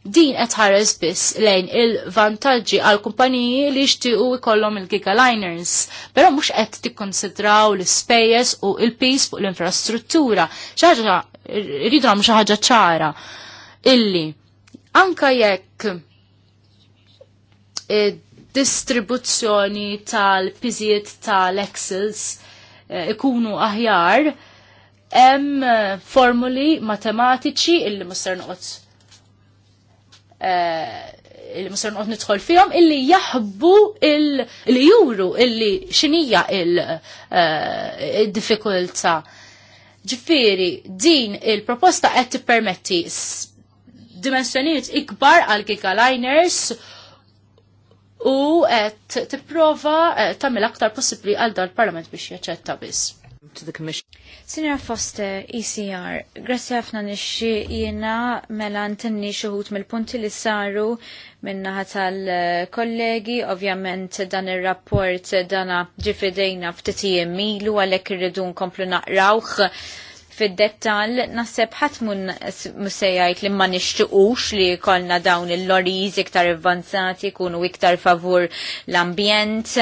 din qed ħares biss lejn il-vantaġġi għal kumpaniji li jixtiequ ikollhom il-gigaliners, però mhux qed tikkonsidraw l-ispejjeż u l-pis fuq l-infrastruttura. Xi ħaġa rridu xi ħaġa ċara illi anka jekk distribuzzjoni tal-piżijiet tal exils eh, ikunu aħjar, hemm formuli matematiċi illi mister noqgħod eh, illi mister noqgħod nidħol fihom illi jaħbu illi juru illi x'inija eh, il-diffikultà. Ġifieri din il-proposta qed tippermetti dimensjonijiet ikbar għal gigaliners u qed tipprova eh, tagħmel aktar possibbli għal dal il-Parlament biex jaċċetta biss to the Commission. Senior Foster, ECR, grazzi ħafna nixxi jiena mela ntenni xuħut mill-punti li saru minnaħa tal-kollegi, ovvjament dan ir-rapport dana ġifidejna ftitijiem milu għalhekk irridu nkomplu naqrawh fid-dettal naħseb ħadd mun musejajt li ma nixtiequx li kolna dawn il-loriz iktar avvanzati kunu iktar favur l-ambjent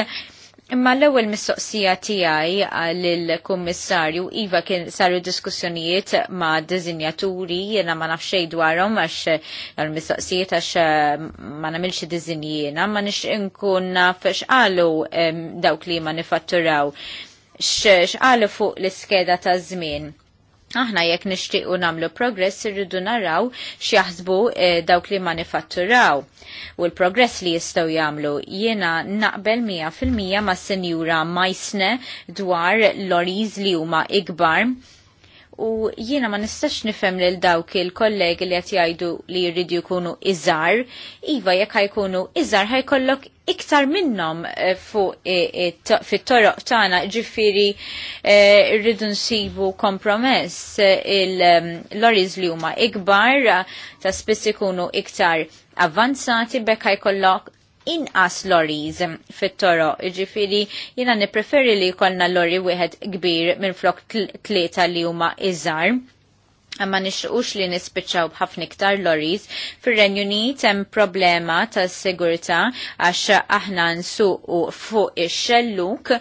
Imma l-ewwel mistoqsija tiegħi għall-Kummissarju iva kien saru diskussjonijiet ma' dizinjaturi jiena ma nafx xejn dwarhom għax l-mistoqsijiet għax ma nagħmilx diżinji ma nix inkun naf x'qalu dawk li ma nifatturaw x'qalu fuq l-iskeda ta' żmien Aħna jekk nixtiequ nagħmlu progress irridu naraw x'jaħsbu eh, dawk li manifatturaw u l-progress li jistgħu jagħmlu. Jiena naqbel 100% ma' Sinjura Majsne dwar l-oriż li huma ikbar u jiena ma nistax nifhem lil dawk il-kollegi li qed jgħidu li jridu jkunu iżar, iva jekk ħajkunu iżar ħajkollok iktar minnhom eh, fuq eh, eh, fit-toroq tagħna ġifieri rridu nsibu kompromess il-lorries ehm, li huma ikbar ta' spiss ikunu iktar avvanzati bekk ħajkollok inqas lorries fit-toro. Iġifiri, jina nipreferi li jkollna lorri wieħed kbir minn flok tlieta li huma iżar. Imma nixqux li nispiċċaw b'ħafna iktar lorries. Fir-Renju Unit hemm problema tas-sigurtà għax aħna nsuqu fuq ix-xelluk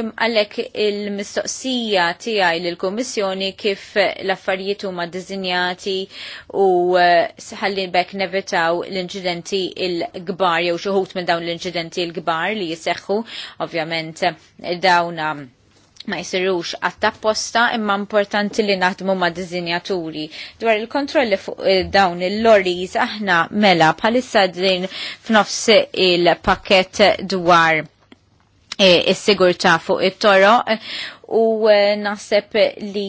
għalek il-mistoqsija tijaj l-Komissjoni kif l-affarijiet huma dizinjati u sħallin eh, bek nevitaw l-inċidenti il-gbar jew xuħut minn dawn l-inċidenti il-gbar li jiseħħu ovvjament dawna eh, ma jisirux għatta posta imma importanti li naħdmu ma' dizinjaturi. Dwar il-kontrolli fuq eh, dawn il-lorries aħna mela bħalissa din f'nofs il-pakket dwar E, is-sigurtà fuq it-toroq u e, naħseb li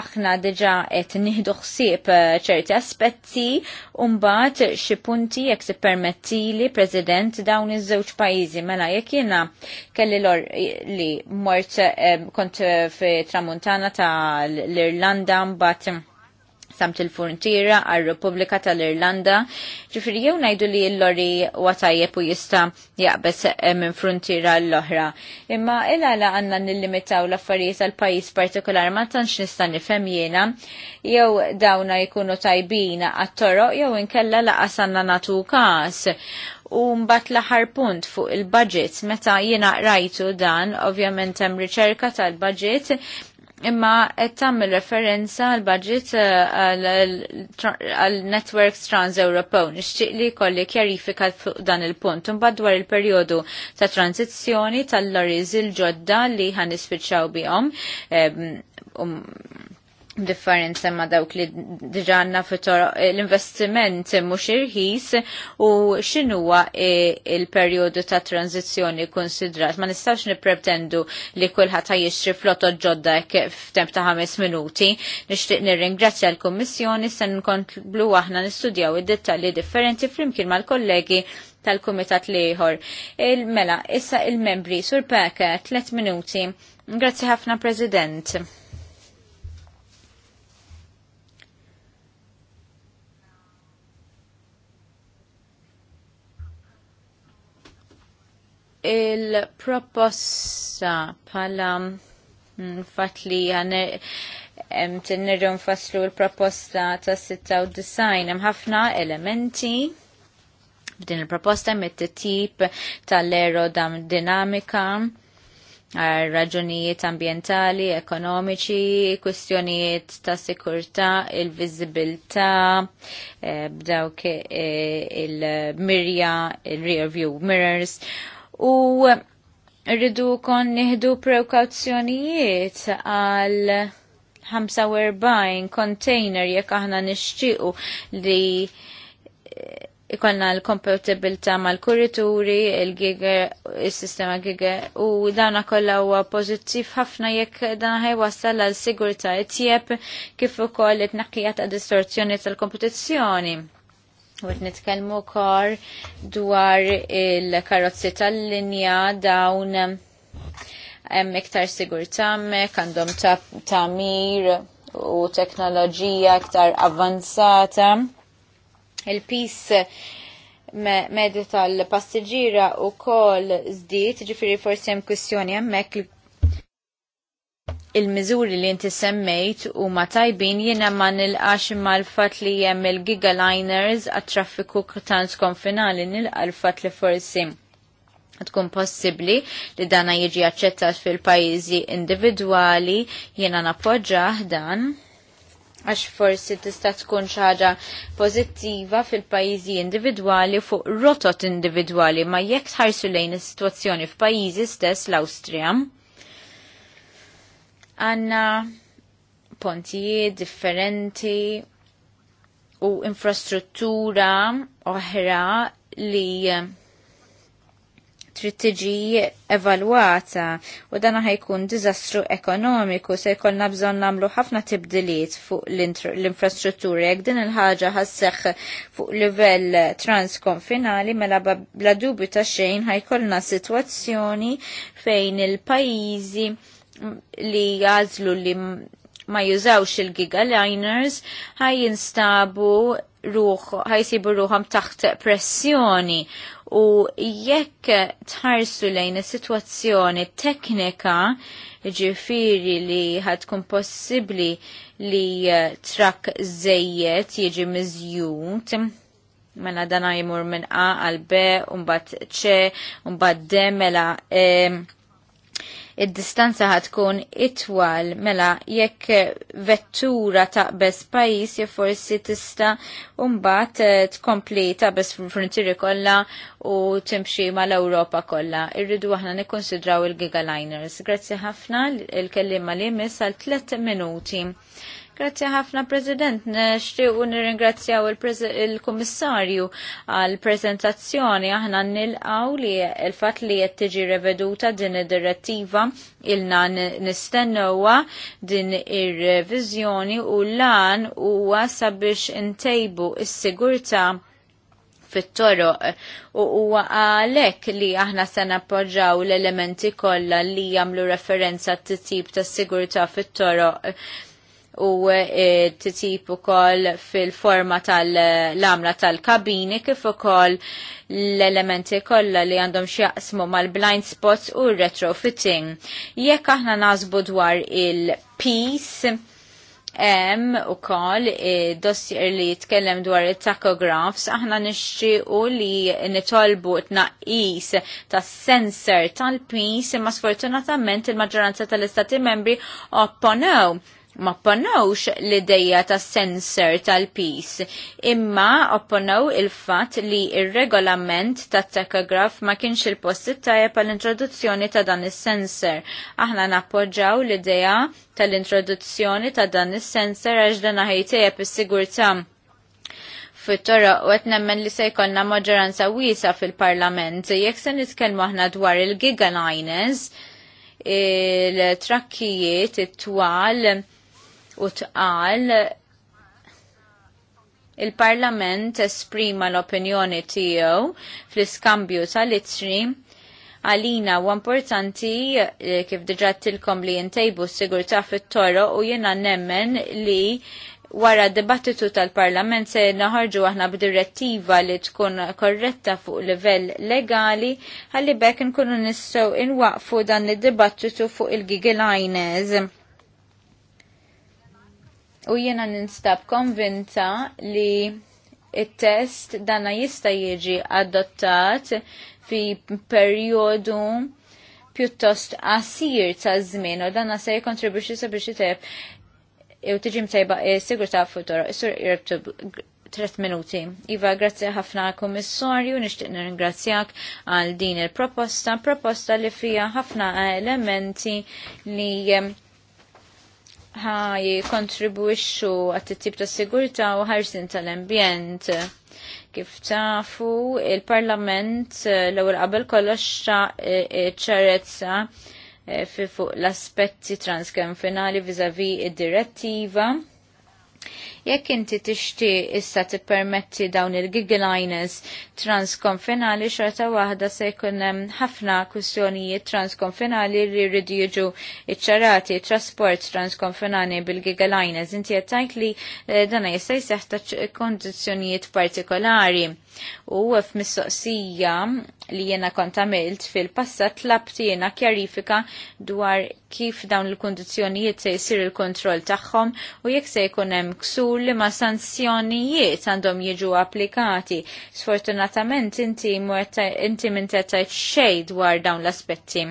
aħna diġa qed nieħdu ħsieb e, ċerti aspetti u mbagħad xi punti jekk tippermetti li President dawn iż-żewġ pajjiżi mela jekk jiena kelli lor li mort kont fi tramuntana ta' l-Irlanda mbagħad samt il-frontiera għal Repubblika tal-Irlanda. Ġifri jew najdu li l-lori watajjeb u jista jaqbes eh, minn frontiera l-oħra. Imma il-għala għanna nillimitaw l-affarijiet għal pajis partikolar ma tantx nista' nifem jena, jew dawna jkunu tajbin għat-toroq jew inkella laqas għandna natu każ u mbagħad l-aħħar punt fuq il-budget meta jiena rajtu dan ovvjament hemm riċerka tal-budget imma qed tagħmel referenza għal budget eh, għal networks trans europew Nixtieq li jkolli kjarifika fuq dan il-punt. Imbagħad dwar il-perjodu ta' transizzjoni tal-loriz il-ġodda li ħan nispiċċaw bihom eh, um, differenza ma dawk li diġanna fitor eh, l-investiment mux irħis u xinuwa eh, il-periodu ta' tranzizjoni konsidrat. Ma nistax nipretendu li kullħat jixri flotto ġodda f'temp ta' ħames minuti. Nishtiq nirringrazzja l-Kommissjoni sen nkontblu aħna nistudjaw id-dettalji differenti flimkien mal-kollegi tal-Kumitat liħor. Il-mela, issa il-membri sur peka 3 minuti. Grazzi ħafna, President. il-proposta pala mm, fatt li t faslu il-proposta ta' 96 hemm ħafna elementi b'din il-proposta mit-tip tal-aerodinamika għal raġunijiet ambientali, ekonomiċi, kwistjonijiet ta' sikurta, il-vizibilta, eh, b'dawk eh, il-mirja, il-rear view mirrors u rridu kon nieħdu prekawzjonijiet għal 45 container jekk aħna nixtiequ li eh, ikonna l kompatibilità mal-kurituri, il-giga, il-sistema giga, u dawna kolla huwa pozittiv ħafna jekk dan ħaj wassal għal sigurta tjeb kif ukoll it-naqqija ta' distorzjoni tal-kompetizzjoni. U għet nitkelmu kor dwar il-karozzi tal-linja dawn hemm iktar sigur tamme, għandhom tamir u teknoloġija iktar avanzata, Il-pis medi tal-passiġira u kol zdit, ġifiri forsi hemm kwistjoni hemmhekk il-mizuri li inti semmejt u ma tajbin jina ma nilqax imma l-fat li jem il-gigaliners għat-traffiku ktant konfinali nilqa l-fat li forsi tkun possibli li dana jiġi aċċettat fil-pajizi individwali jiena napoġġaħ dan għax forsi tista' tkun xaġa ħaġa pożittiva fil-pajjiżi individwali fuq rotot individwali ma jekk tħarsu lejn is-sitwazzjoni f'pajjiżi stess l-Awstrija għanna pontijiet differenti u infrastruttura oħra li trid tiġi evalwata u dan ħajkun diżastru ekonomiku se jkollna bżonn nagħmlu ħafna tibdiliet fuq l-infrastruttura jekk din il-ħaġa ħasseħ fuq livell transkonfinali mela bla dubju ta' xejn ħajkollna sitwazzjoni fejn il-pajjiżi li jazlu li ma jużawx il-giga liners ħaj jinstabu ruħ, sibu ruħam taħt pressjoni u jekk tħarsu lejn is-sitwazzjoni teknika ġifiri li ħatkun possibli li eh, trak zejjet jiġi miżjut mela dana jimur minn A għal B, bat C, bat D, mela e, id-distanza ħatkun itwal mela jekk vettura taqbes pajis jew forsi tista' mbagħad eh, tkompli taqbes frontieri kollha u timxi mal-Ewropa kollha. Irridu aħna nikkonsidraw il-gigaliners. Grazzi ħafna il-kelliema li jmiss għal tliet minuti. Grazzi ħafna President, nixtieq nirringrazzjaw il-Kummissarju għal prezentazzjoni aħna nilqgħu li l-fatt li qed tiġi reveduta din id-direttiva ilna nistennewa din ir-reviżjoni u lan huwa sabiex intejbu s sigurtà fit-toroq u huwa għalhekk li aħna se nappoġġaw l-elementi kollha li jagħmlu referenza t-tip tas-sigurtà fit-toroq u e, t-tip u koll fil-forma tal-lamra tal-kabini kif u koll l-elementi kollha li għandhom xjaqsmu mal-blind spots u retrofitting. Jekk aħna nasbu dwar il-peace, Em u koll e, dossier li jitkellem dwar il-tachographs, aħna nixtiequ li nitolbu t tnaqqis tas sensor tal-pis imma sfortunatament il-maġġoranza tal-istati membri opponew ma ponnawx l-ideja ta' sensor tal-pis, imma opponaw il-fat li il-regolament ta' takograf ma kienx il-postit tajja pal-introduzzjoni ta' dan il-sensor. Aħna nappoġġaw l-ideja tal-introduzzjoni ta' dan il-sensor għax dan ħajtejja pis-sigurtà fit-toro u qed nemmen li se jkollna maġġoranza wiesa fil-Parlament. Jek se nitkellmu aħna dwar il-gigaliners, il-trakkijiet, it-twal, u tqal il-Parlament esprima l-opinjoni tiegħu fl-iskambju tal-ittri għalina u importanti eh, kif diġa tilkom li jintejbu s-sigurta fit-toro u jena nemmen li wara dibattitu tal-Parlament se naħarġu aħna b'direttiva li tkun korretta fuq livell legali għalli bekk nkunu nistgħu inwaqfu dan id-dibattitu fuq il gigilajnez u jiena ninstab konvinta li it-test danna jista jiġi adottat fi periodu pjuttost asir ta' żmien u danna se jkontribwixxi sabiex iteb u tiġi sigur ta' futur. isur irtub tret minuti. Iva, grazzi ħafna komissarju, nishtiq ringrazzjak għal din il-proposta, proposta li fija ħafna elementi li ħaj kontribuixxu għat-tip ta' sigurta u ħarsin tal-ambjent. Kif tafu, il-Parlament eh, l-ewwel qabel kollox eh, eh, ċarezza fi fuq l-aspetti transkonfinali vis id-direttiva Jekk inti tixti issa tippermetti dawn il gigliners transkonfinali xorta waħda se jkun hemm ħafna kwistjonijiet transkonfinali li rridu jiġu iċċarati trasport transkonfinali bil gigliners Inti qed li eh, dana jista' seħta kondizjonijiet partikolari. U f'mistoqsija li jena kontamilt fil-passat labt jena kjarifika dwar kif dawn il-kondizjonijiet se jisir il-kontroll tagħhom u jekk se jkun hemm ksur li ma sanzjonijiet għandhom jiġu applikati. Sfortunatament inti minn tajt xejn dwar dawn l-aspetti.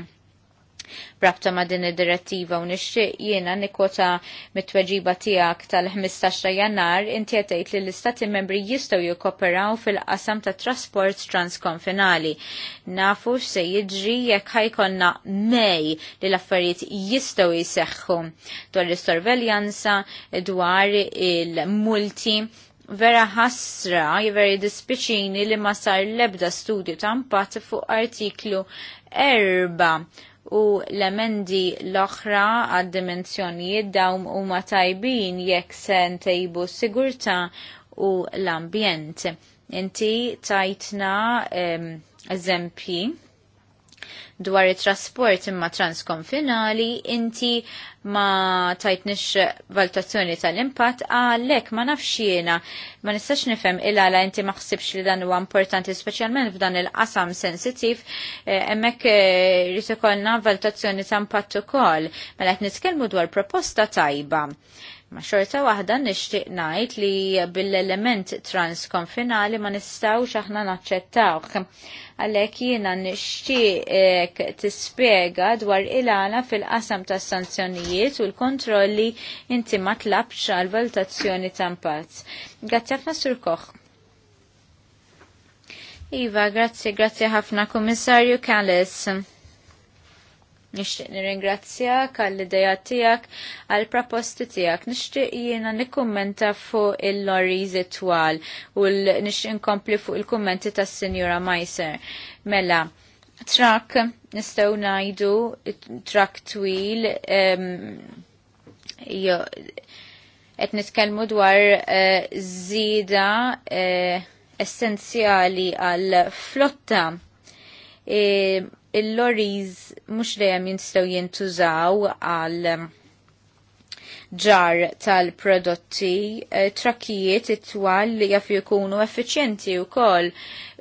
Brabta ma din id-direttiva u nixtieq jiena nikota mit-tweġiba tiegħek tal-15 jannar inti qed li l-istati membri jistgħu jikkoperaw fil-qasam ta' trasport transkonfinali. Nafu se jiġri jekk ħajkonna mej li l-affarijiet jistgħu jseħħu dwar is-sorveljanza dwar il-multi vera ħasra, veri dispiċini li ma sar lebda studju ta' impatt fuq artiklu erba' u l-emendi l-oħra għad dimensjonijiet dawn huma tajbin jekk se ntejbu s-sigurtà u l-ambjent. Inti tajtna eżempji dwar it-trasport imma transkonfinali, inti ma tajtnix valutazzjoni tal-impatt għalek ma nafxiena ma nistax nifhem illa la inti maħsibx li dan huwa importanti speċjalment f'dan il-qasam sensitiv eh, hemmhekk eh, rrid ikollna valutazzjoni ta' impatt ukoll mela qed nitkellmu dwar proposta tajba. Ma xorta waħda nixtieq ngħid li bil-element transkonfinali ma nistgħux aħna naċċettawh. Għalhekk jiena nixtieq eh, tispjega dwar ilana fil-qasam tas sanzjonijiet u l-kontrolli inti ma tlabx għal valutazzjoni ta' impatt. Grazzi ħafna Iva, grazzi, grazzi ħafna komissarju Kallis. Nixtieq nirringrazzjak għall-ideja tiegħek għall-proposti tiegħek. Nixtieq jiena nikkummenta fuq il-lorries twal u nishtiq nkompli fuq il-kummenti tas sinjora Meiser. Mela, trak nistgħu ngħidu trak twil qed nitkellmu dwar eh, zida eh, essenzjali għall flotta eh, il-lorries mux dejjem jinstaw jintużaw għal um, ġar tal-prodotti, eh, trakkijiet it-twal li jafu jkunu effiċjenti u kol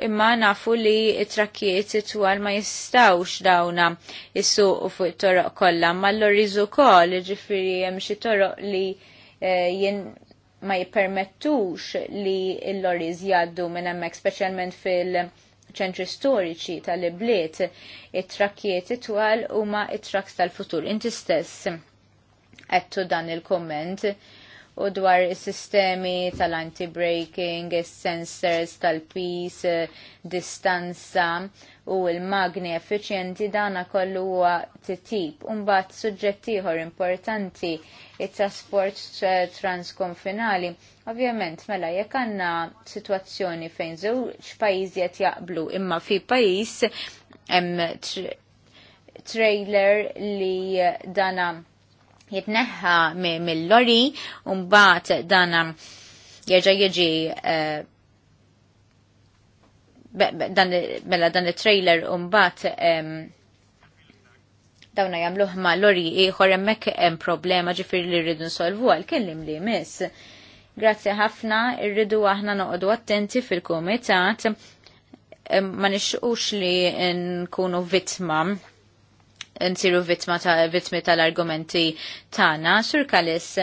imma nafu li trakkijiet it-twal ma jistawx dawna jissu u fuq toroq kolla, ma l-orizu kol ġifiri jem xie toroq li eh, jen ma jipermettux li l-oriz jaddu minn emmek, specialment fil- ċentri storiċi tal ibliet it trakkijiet it-twal u ma it-traks tal-futur. Inti stess għettu dan il-komment u dwar is-sistemi tal-anti-braking, is-sensors tal peace distanza u l-magni effiċjenti dana kollu huwa titip. Umbagħad suġġettiħor importanti it-trasport transkonfinali. Ovvjament, mela, jekk għandna sitwazzjoni fejn żewġ pajjiżi qed jaqblu imma fi pajjiż hemm trailer li dana jitneħħa mill-lori un mbagħad dana jieġa jiġi eh, mela dan it-trailer u mbagħad dawna jamluħ ma lori ieħor hemmhekk hemm problema ġifieri li rridu nsolvu għal kellim li miss. Grazzi ħafna, rridu aħna noqogħdu attenti fil-kumitat ma nixqux li nkunu vittma nsiru ta' vittmi tal-argumenti tagħna. Sur Kalis,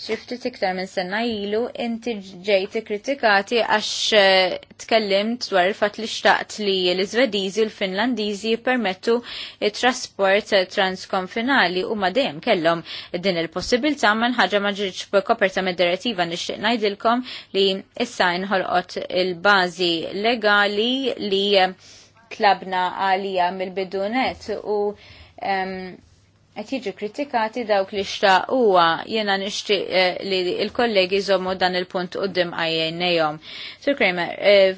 xiftit iktar minn sena ilu, inti ġejt kritikati għax eh, tkellimt dwar il-fat li xtaqt li l-Izvedizi u l-Finlandizi permettu il-trasport transkonfinali u madem kellom din il-possibilta man ħagġa maġriċ koperta me direttiva nixtieq ngħidilkom li issa inħolqot il-bażi legali li eh, tlabna għalija mill-bidunet u qed jiġu kritikati dawk li huwa, jiena nixtieq eh, li l-kollegi żommu dan il-punt qudiem għajnejhom. Sur Kramer, eh,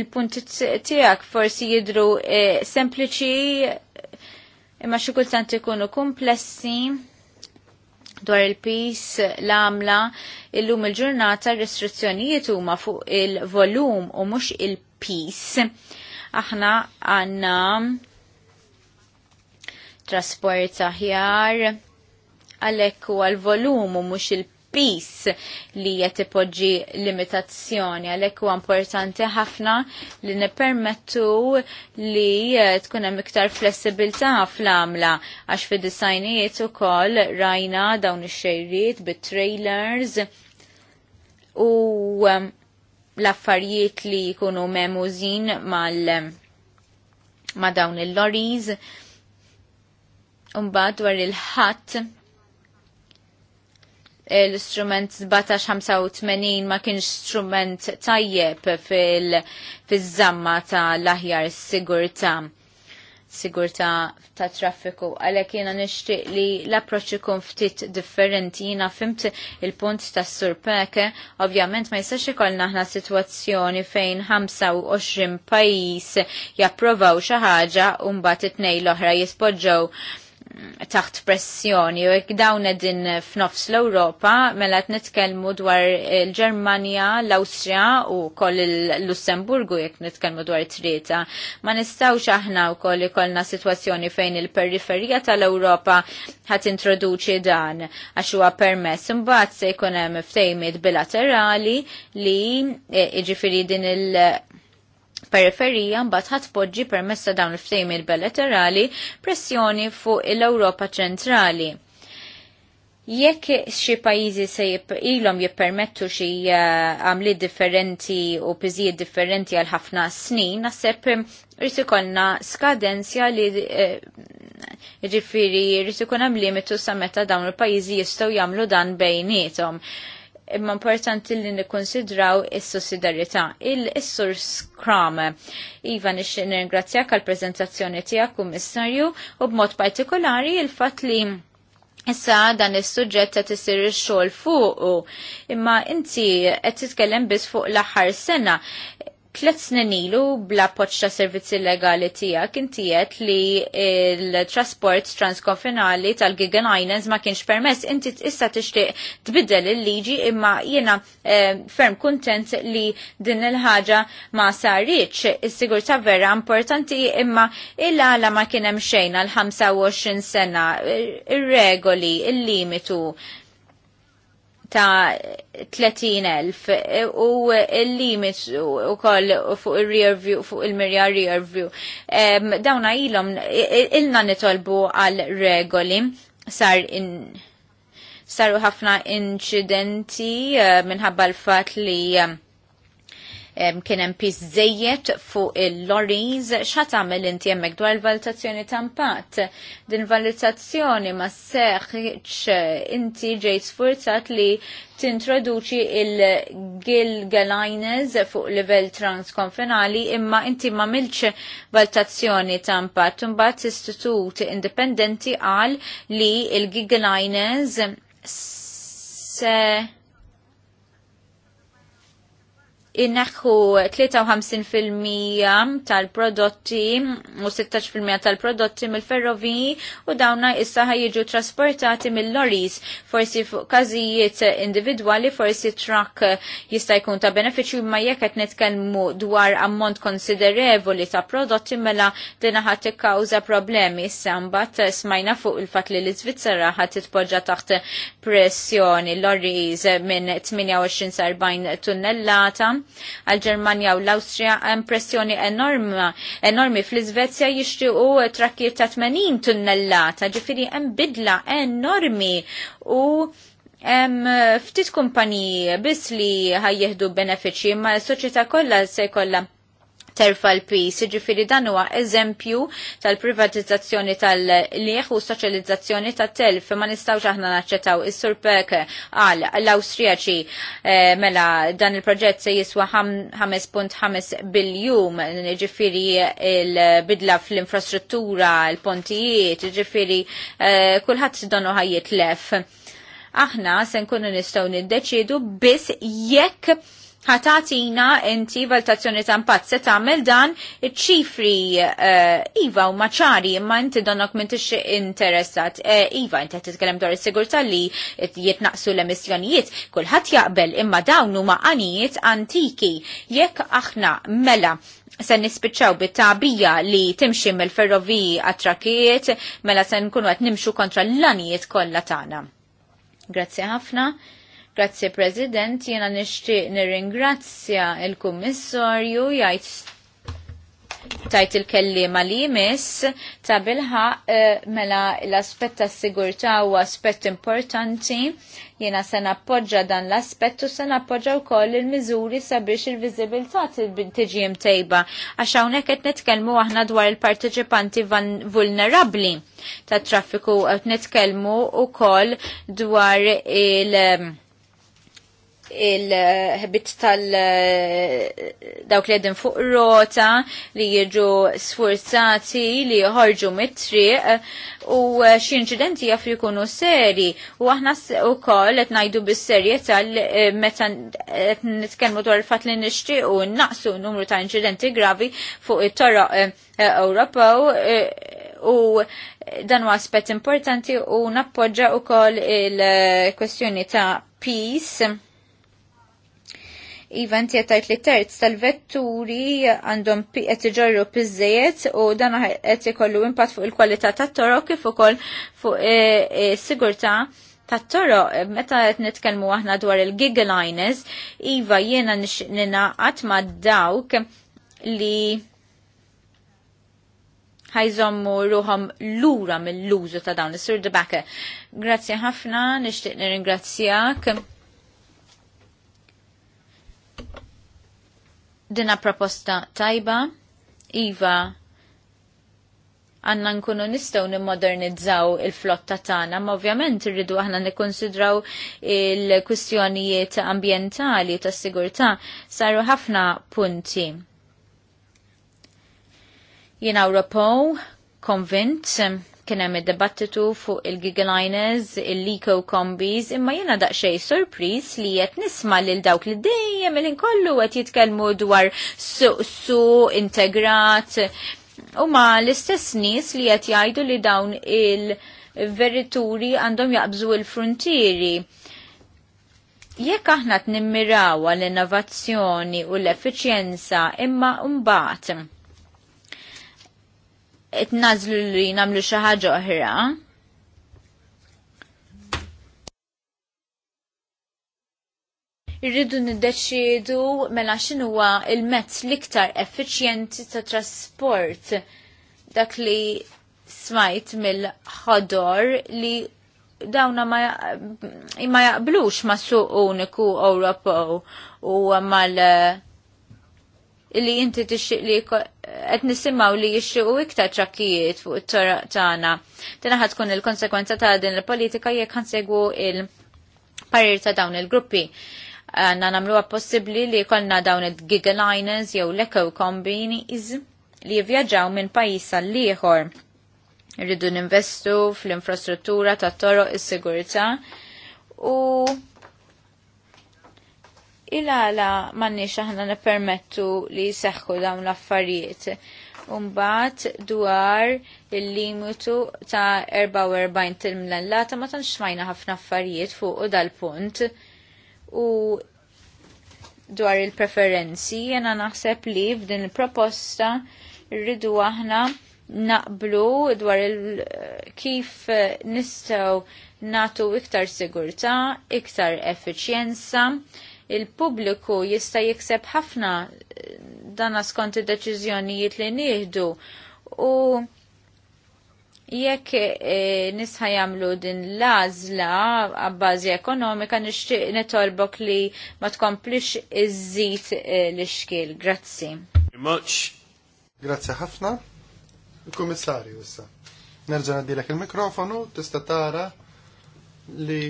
il-punt tiegħek forsi jidru eh, sempliċi imma xi kultant ikunu komplessi dwar il-pis l-għamla illum il-ġurnata restrizzjonijiet huma fuq il-volum u mhux il-pis. il volum u mhux il pis il volum u il pis Aħna għanna trasport aħjar għalek u għal-volumu mux il-pis li jettipoġi ipoġġi limitazzjoni għalek u importanti ħafna li nipermettu li eh, tkun hemm iktar flessibilità fl-għamla għax fi disajnijiet ukoll rajna dawn ix-xejriet bit-trailers u um, l-affarijiet li jkunu memużin mal ma dawn il-lorries Umbad dwar il ħat l-istrument 1785 ma kienx strument tajjeb fil-żamma ta' l-aħjar s-sigurta sigurta ta' traffiku. Għalek jena nishtiq li l-approċ ikun ftit differenti, jena fimt il-punt ta' surpeke, ovvjament ma jistax ikollna naħna situazzjoni fejn 25 pajis japprovaw xaħġa un bat it-nej l-oħra jispoġġaw taħt pressjoni u jekk dawn din f'nofs l-Ewropa mela qed nitkellmu dwar il-Ġermanja, l-Awstrija u koll l lussemburgu jekk nitkellmu dwar trieta. Ma nistgħux aħna wkoll ikollna sitwazzjoni fejn il-periferija tal-Ewropa ħat introduċi dan għax huwa permess imbagħad se jkun hemm ftejmiet bilaterali li eh, jiġifieri din il- periferija mbagħad ħadd permezz ta' dawn il-ftehim bilaterali pressjoni fuq l-Ewropa ċentrali. Jekk xi pajjiżi se ilhom jippermettu xi eh, għamli differenti u piżijiet differenti għal ħafna snin, naħseb irrid eh, ikollna skadenzja li eh, jiġifieri irrid ikun hemm limitu sa meta dawn il-pajjiżi jistgħu jagħmlu dan bejniethom imma importanti li nikkonsidraw is-sussidjarjetà. Il-Sur Scrum. Iva nixtieq nirringrazzjak għall preżentazzjoni tiegħek kummissarju u b'mod partikolari il-fatt li Issa dan is-suġġett qed isir ix-xogħol fuq imma inti qed titkellem biss fuq l-aħħar sena tlet snin ilu bla poċċa servizzi legali tijak intijet li il-trasport transkonfinali tal-Gigan Islands ma kienx permess inti issa tixtieq tbiddel il-liġi imma jiena eh, ferm kuntent li din il-ħaġa ma sarriċ is-sigurtà vera importanti imma il-għala ma kien hemm xejn għal 25 sena ir-regoli il-limitu ta' 30.000 e, u il-limit u koll fuq il-rear view, fuq il-mirja rear view. Um, dawna ilom, ilna nitolbu għal regoli sar in saru ħafna incidenti uh, eh, minħabba l-fat li eh, kien hemm pis żejjed fuq il-lorries xa tagħmel inti hemmhekk dwar il-valutazzjoni ta' impatt. Din valutazzjoni ma seħħ inti ġejt sfurzat li tintroduċi il-gilgaliners fuq livell transkonfinali imma inti ma milx valutazzjoni ta' impatt imbagħad istitut indipendenti qal li il-gilgaliners se inneħħu 53% tal-prodotti u 16% tal-prodotti mill-ferroviji u dawna issa ħajġu trasportati mill-loris. Forsi kazijiet individwali, forsi trak jista' jkun ta' beneficju ma jekk qed nitkellmu dwar ammont konsiderevoli ta' prodotti mela din ħadd tikkawża problemi. Sambat smajna fuq il-fatt li l-Iżvizzera ħadd titpoġġa taħt pressjoni l-loris minn 28 sa 40 tunnellata għal-Ġermanja u l-Awstrija hemm pressjoni enorma, enormi fl-Iżvezja jixtiequ trakkir ta' 80 tunnellata, ġifieri hemm bidla enormi u Em, ftit kumpaniji biss li ħajjeħdu benefiċi, ma s-soċieta kollha se jkollha terfa l-pis. Ġifiri dan huwa eżempju tal-privatizzazzjoni tal liħ u soċjalizzazzjoni tat-telf. Ma nistawx aħna naċċettaw is-sur Pek għal l-Awstrijaċi eh, mela dan il-proġett se jiswa 5.5 biljum ġifiri il-bidla fl-infrastruttura, l-pontijiet, ġifiri eh, kulħadd donu ħajiet lef aħna se nkunu nistgħu niddeċiedu biss jekk ħatatina inti valutazzjoni ta' impatt se tagħmel dan iċ-ċifri eh, iva u maċari imma inti donok m'intix interessat. Eh, iva inti qed titkellem dwar is-sigurtà li jitnaqsu l-emissjonijiet, kulħadd jaqbel imma dawn huma qanijiet antiki. Jekk aħna mela se nispiċċaw bit-tabija li timxi mill-ferroviji għat-trakiet, mela se nkunu qed nimxu kontra l-anijiet kollha tagħna. Grazzi ħafna. Grazzi President, jena nishtiq nirringrazzja il-Kummissarju jgħid tajt il-kellima li jmiss ta' bilħa eh, mela l-aspett ta' sigurtà u aspett importanti jena se nappoġġa dan l-aspett u se nappoġġa wkoll il-miżuri sabiex il-viżibilità tiġi mtejba għax hawnhekk qed nitkellmu aħna dwar il-parteċipanti vulnerabbli tat traffiku qed nitkellmu wkoll dwar il- il-ħbit tal eh, dawk li għedin fuq rota li jiġu sforzati li jħorġu mit-triq u xie inċidenti jaf jkunu seri u aħna u koll għet najdu bis-serjeta eh, meta nitkellmu dwar il-fat li nishti u naqsu numru ta' inċidenti gravi fuq it-torra eh, Ewropew u dan u aspet importanti u nappoġġa u koll il-kwestjoni ta' peace Iva, inti jettajt li terz tal-vetturi għandhom qed iġorru pizzejiet u dan qed ikollu impatt fuq il-kwalità tat-toroq kif ukoll fuq is-sigurtà e, e, tat-toro, meta qed nitkellmu aħna dwar il-gigaliners, iva jiena ninaqat ma' dawk li ħajżommu ruħom lura mill-lużu ta' dawn is-sur Grazzi ħafna, nixtieq nirringrazzjak. dina proposta tajba, Iva għanna nkunu nistaw nimmodernizzaw il-flotta tagħna, ma ovvjament irridu aħna nikkonsidraw il-kwistjonijiet ambientali u tas-sigurtà saru ħafna punti. Jien Ewropew konvint kien hemm id debattitu fuq il gigliners il-liko kombis, imma jiena daqsxejn surpriż li qed nisma' lil dawk li dejjem il-inkollu qed jitkellmu dwar su integrat u ma l-istess nies li qed jgħidu li dawn il-verituri għandhom jaqbżu il-frontieri. Jekk aħna t-nimmiraw għall-innovazzjoni u l-effiċjenza imma mbagħad itnażlu li namlu xi ħaġa oħra. Irridu niddeċiedu mela x'inhuwa il-mezz l-iktar effiċjenti ta' trasport dak li smajt mill-ħodor li dawna ma, jaqblux ma' suq uniku Ewropew u mal li inti tixtieq li qed nisimgħu li jixtiequ iktar trakkijiet fuq it-toraq tagħna. Dina ħad tkun il-konsekwenza ta' din il-politika jekk ħansegwu il-parir ta' dawn il-gruppi. Għanna namluwa possibli li kollna dawn il-gigaliners jew l-eco combinis li jivjaġaw minn pajis għal ieħor. Rridu ninvestu fl-infrastruttura ta' toroq is-sigurtà u il-għala manni aħna nepermettu li seħħu dawn l-affarijiet. Umbat dwar il-limitu ta' 44 til-mlallata ma tantx smajna ħafna affarijiet fuq u dal-punt. U dwar il-preferenzi, jena naħseb li f'din il-proposta rridu aħna naqblu dwar il kif nistaw natu iktar sigurta, iktar effiċjenza, il-pubbliku jista' jikseb ħafna dana skont id-deċiżjonijiet li nieħdu u jekk e, nisħa jagħmlu din l-għażla għabbażi ekonomika nixtieq nitolbok li ma tkomplix iżżid e, l-ixkil. Grazzi. Grazzi ħafna. Il-Kummissarju issa. Nerġa' nadilek il-mikrofonu tista' tara li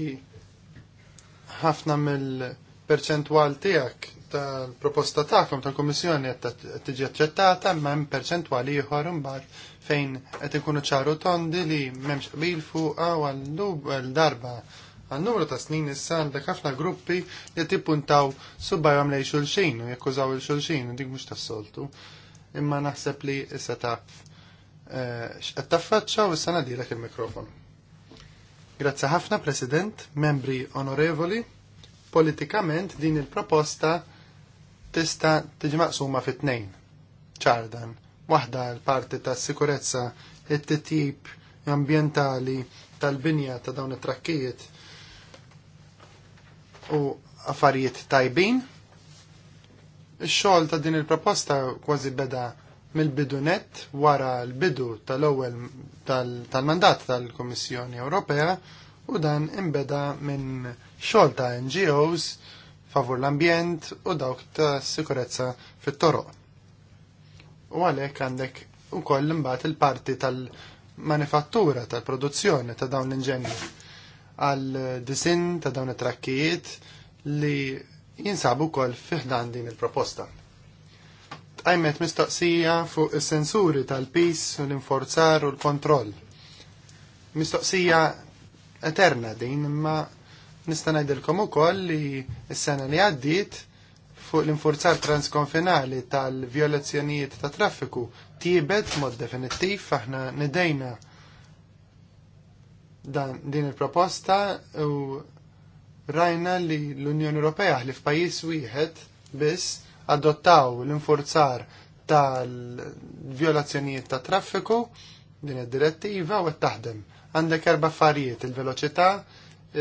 ħafna mill- perċentwal tiegħek tal-proposta tagħkom tal-Kummissjoni qed tiġi aċċettata, imma hemm perċentwali ieħor imbagħad fejn qed ikunu ċaru tondi li m'hemmx qbil fuqha għal darba għal numru ta' snin issa għandek ħafna gruppi li tippuntaw subbajhom lej xulxin u jakkużaw il-xulxin u dik mhux tas-soltu. Imma naħseb li issa taf e, x'qed taffaċċa u issa nadilek il-mikrofon. Grazzi ħafna President, membri onorevoli, politikament din il-proposta tista tiġi maqsuma fit tnejn ċardan. Waħda l-parti ta' sikurezza it-titjib ambientali tal-binja ta' dawn it-trakkijiet u affarijiet tajbin. Ix-xogħol ta' din il-proposta kważi beda mill-bidunet wara l-bidu tal-ewwel tal-mandat tal-Kummissjoni Ewropea u dan imbeda minn xogħol ta' NGOs favur l-ambjent u dawk ta' sikurezza fit-toroq. U għalhekk għandek ukoll imbagħad il-parti tal-manifattura tal-produzzjoni ta' dawn l-inġenji għal disin ta' dawn it-trakkijiet li jinsabu kol fiħdan din il-proposta. Tqajmet mistoqsija fuq is-sensuri tal-pis u l-inforzar u l-kontroll. Mistoqsija eterna din imma Nista' ngħidilkom ukoll li s-sena li għaddiet fuq l-infurzar transkonfinali tal-violazzjonijiet ta' traffiku tibet mod definittiv aħna nidejna dan din il-proposta u rajna li l-Unjoni Ewropea li f'pajjiż wieħed biss adottaw l-infurzar tal-violazzjonijiet ta' traffiku din id-direttiva u taħdem. Għandek erba' affarijiet il-veloċità,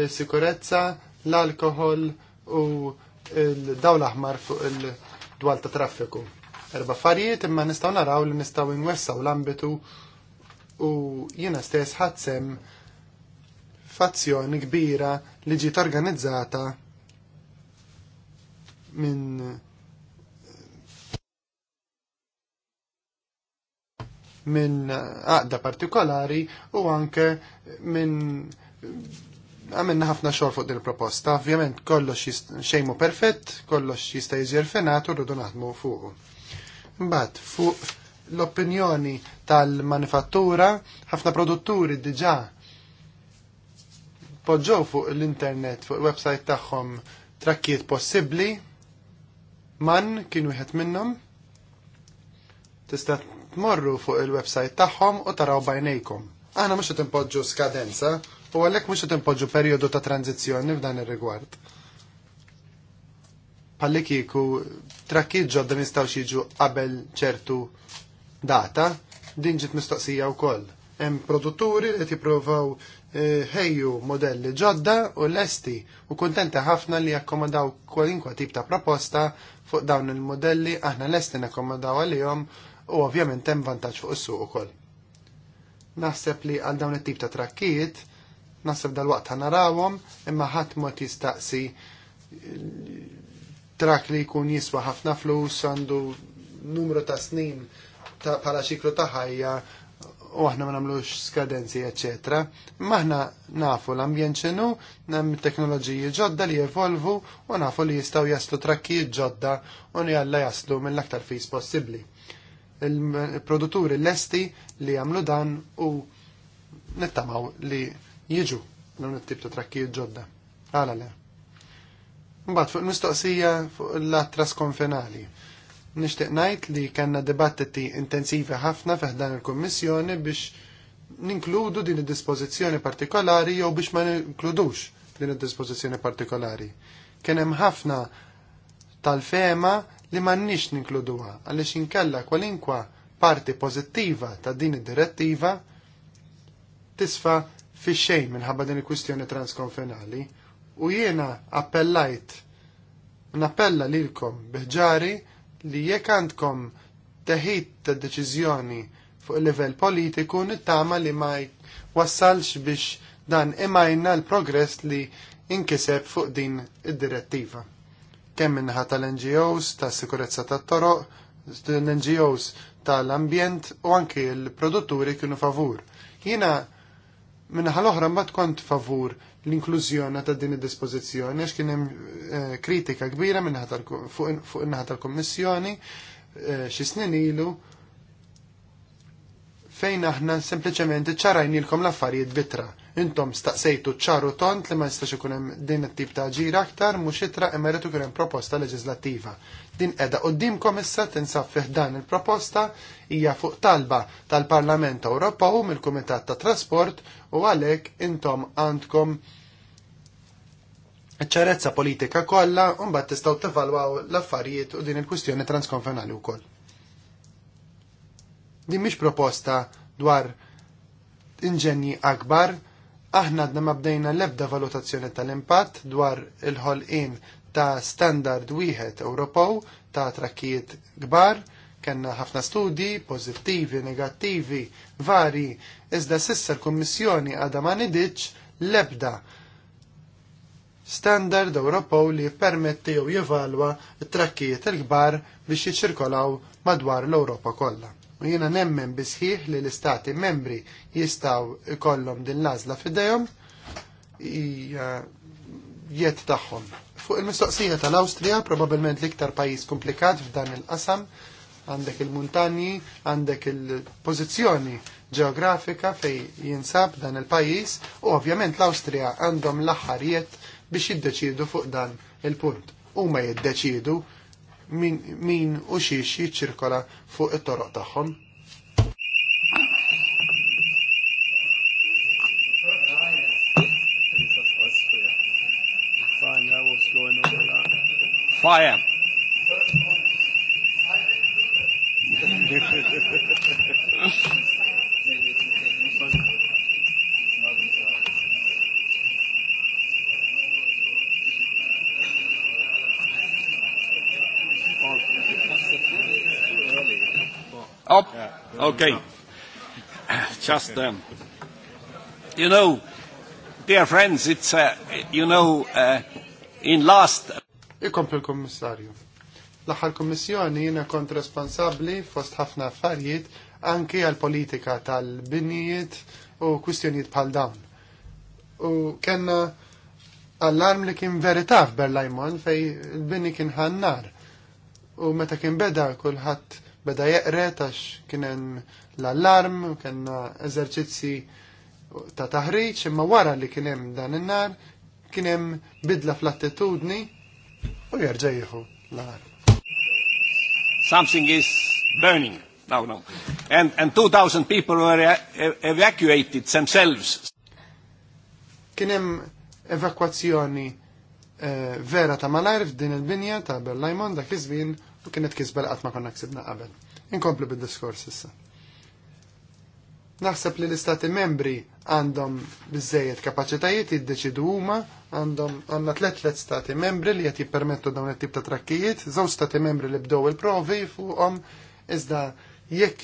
sikurezza, l-alkohol u l-dawl aħmar fuq il-dwal ta' traffiku. Erba' affarijiet imma nistgħu naraw li nistgħu nwessaw l-ambitu u jiena stess ħadsem fazzjoni kbira li ġiet organizzata minn minn għaqda partikolari u anke minn għamilna ħafna xogħol fuq din il-proposta. Ovvjament kollox xejmu perfett, kollox jista' jiżjer fenat u rridu naħdmu fuq. Mbagħad fuq l-opinjoni tal-manifattura, ħafna produtturi diġà poġġow fuq l-internet, fuq il-website tagħhom trakkiet possibbli. Man kien wieħed minnhom. Tista' tmorru fuq il-website tagħhom u taraw bajnejkom. Aħna mhux qed impoġġu skadenza U għalhekk mhux qed impoġġu perjodu ta' tranzizjoni f'dan ir-rigward. Pallikiku, kieku trakkiet ġodda xieġu jiġu qabel ċertu data, din ġiet mistoqsija wkoll. Hemm produtturi li jippruvaw eh, ħejju modelli ġodda u lesti u kontenta ħafna li jakkomodaw kwalinkwa tip ta' proposta fuq dawn il-modelli aħna lesti nakkomodaw għalihom u ovvjament hemm vantaġġ fuq is-suq ukoll. Naħseb li għal dawn it-tip ta' trakkijiet nasib dal-waqt ta' narawhom imma ħadd mod jistaqsi trak li jkun jiswa ħafna flus għandu numru ta' snin ta' pala ċiklu ta' ħajja u aħna ma nagħmlux skadenzi, eċetera. Maħna nafu l-ambjent x'inhu, hemm teknoloġiji ġodda li jevolvu u nafu li jistgħu jaslu trakkijiet ġodda u Alla jaslu mill-aktar fis possibbli. Il-produtturi lesti li jagħmlu dan u nittamaw li jiġu dawn it-tip ta' trakkijiet ġodda. Għala le. Mbagħad fuq il-mistoqsija fuq l-attra skonfinali. Nixtieq ngħid li kellna dibattiti intensivi ħafna dan il-Kummissjoni biex ninkludu din id-dispożizzjoni partikolari jew biex ma ninkludux din id-dispożizzjoni partikolari. Kien hemm ħafna tal-fema li m'għandniex ninkluduha għaliex inkella kwalinkwa parti pożittiva ta' din id-direttiva tisfa' fi xejn minħabba din il-kwistjoni transkonfenali u jiena appellajt nappella lilkom biħġari li jekk għandkom teħid ta' deċiżjoni fuq il-livell politiku nittama li ma wassalx biex dan imajna l-progress li inkiseb fuq din id-direttiva. Kemm minnaħa tal-NGOs, tas-sikurezza tat-toroq, l-NGOs tal-ambjent u anki l-produtturi kienu favur. Jiena Minna l-oħra mbagħad kont favur l-inklużjoni ta' din id-dispożizzjoni għax kien hemm eh, kritika kbira fuq in-naħa tal-Kummissjoni eh, xi snin ilu fejn aħna sempliċement ċarajnilkom l-affarijiet bitra Intom staqsejtu ċaru tont li ma jistax ikun hemm din it-tip ta' ġira aktar mhux itra jrid kien hemm proposta leġislattiva. Din qiegħda quddiemkom issa tinsab fih dan il-proposta hija fuq talba tal-Parlament Ewropew mill-Kumitat ta' Trasport u għalhekk intom għandkom ċarezza politika kollha u mbagħad tistgħu tevalwaw l-affarijiet u din il-kwistjoni transkonfenali wkoll. Din mhix proposta dwar inġenji akbar Aħna għadna ma bdejna l-ebda valutazzjoni tal-impatt dwar il-ħolqien ta' standard wieħed Ewropew ta' trakkijiet kbar, kellna ħafna studji pożittivi, negattivi, vari, iżda sissa l-Kummissjoni għadha ma nidiċ l-ebda standard Ewropew li jippermetti jew jivalwa t-trakkijiet il-kbar biex jiċirkolaw madwar l-Ewropa kollha. U jiena nemmen bisħiħ li l-istati membri jistaw ikollom din l-għażla f'idejhom jiet tagħhom. Fuq il-mistoqsija tal-Awstrija, probabbilment l-iktar pajjiż komplikat f'dan il-qasam, għandek il-muntanji, għandek il-pożizzjoni ġeografika fej jinsab dan il-pajis u ovvjament l-Awstrija għandhom l-aħħarijiet biex jiddeċidu fuq dan il-punt. U ma jiddeċidu min, min u xiex jiċċirkola fuq it-toroq tagħhom. Fire! Okay. Just, um, you know, dear friends, it's, uh, you know, uh, in last... Ikompli l-Kommissarju. L-aħħar Kommissjoni jina kont responsabbli fost ħafna affarijiet anke għal politika tal-binijiet u kwistjonijiet bħal dawn. U kena allarm li kien verità f'Berlajmon fej il-bini kien ħannar. U meta kien beda kulħadd beda jeqre tax kienem l-allarm, kienna eżerċizzi ta' taħriċ, imma wara li kienem dan in-nar, kienem bidla fl-attitudni u jerġa' jieħu l-allarm. Something is burning. No, no. And, and 2,000 people were e-, e-, evacuated themselves. Kienem evakwazzjoni eh, vera ta' malajr f'din il-binja ta' Berlajmon dak iż-żmien kienet kisbel qatt ma konna ksibna qabel. Inkomplu bid-diskors issa. Naħseb li l-istati membri għandhom bizzejiet kapaċitajiet jiddeċidu huma għandhom għandna tlet tlet stati membri li qed jippermettu dawn it-tip ta' trakkijiet, żewġ stati membri li bdew il-provi fuqhom iżda jekk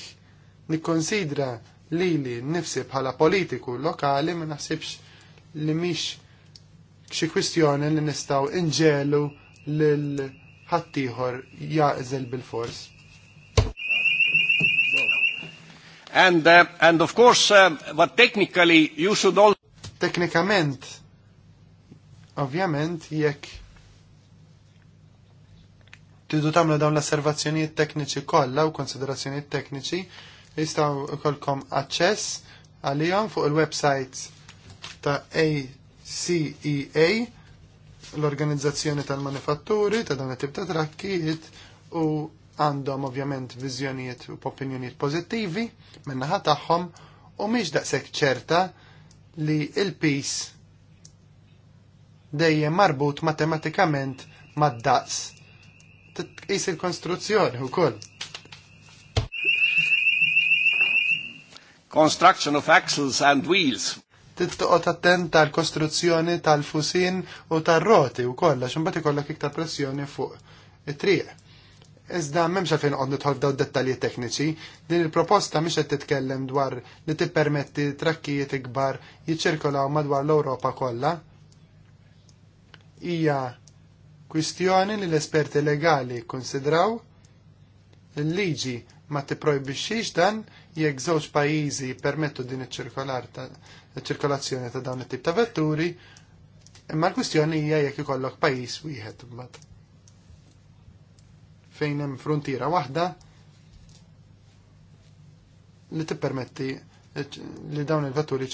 nikkonsidra lili nifsi bħala politiku lokali ma naħsibx li mhix xi kwistjoni li nistgħu inġelu lil ħaddieħor jażel bil-fors. And, uh, and of course, uh, but technically you should all... Teknikament, ovvjament, jekk tidu tamlu dawn l-osservazzjonijiet tekniċi kollha u konsiderazzjonijiet tekniċi jistgħu kolkom aċċess għalihom fuq il-website ta' ACEA l-organizzazzjoni tal-manifatturi ta' dan it-tip ta' trakkijiet u għandhom ovvjament viżjonijiet u opinjonijiet pożittivi minnaħa tagħhom u mhix daqshekk ċerta li il-pis dejjem marbut matematikament mad-daqs tqis il-konstruzzjoni wkoll. Construction of axles and wheels tittoqgħod attent tal-kostruzzjoni tal-fusin u tar-roti u kollha x'imbagħad ikollok iktar pressjoni fuq it-triq. Iżda m'hemmx għalfejn qod tħolf daw dettalji tekniċi, din il-proposta miex qed titkellem dwar li tippermetti trakkijiet ikbar jiċċirkolaw madwar l-Ewropa kollha. Hija kwistjoni li l-esperti legali konsidraw il-liġi ma tipprojbixxix dan jekk żewġ pajjiżi permettu din iċ-ċirkolazzjoni ta' dawn it-tip ta' vetturi, imma l-kwistjoni hija jekk ikollok pajjiż wieħed imbagħad. Fejn hemm fruntiera waħda li tippermetti li dawn il-vetturi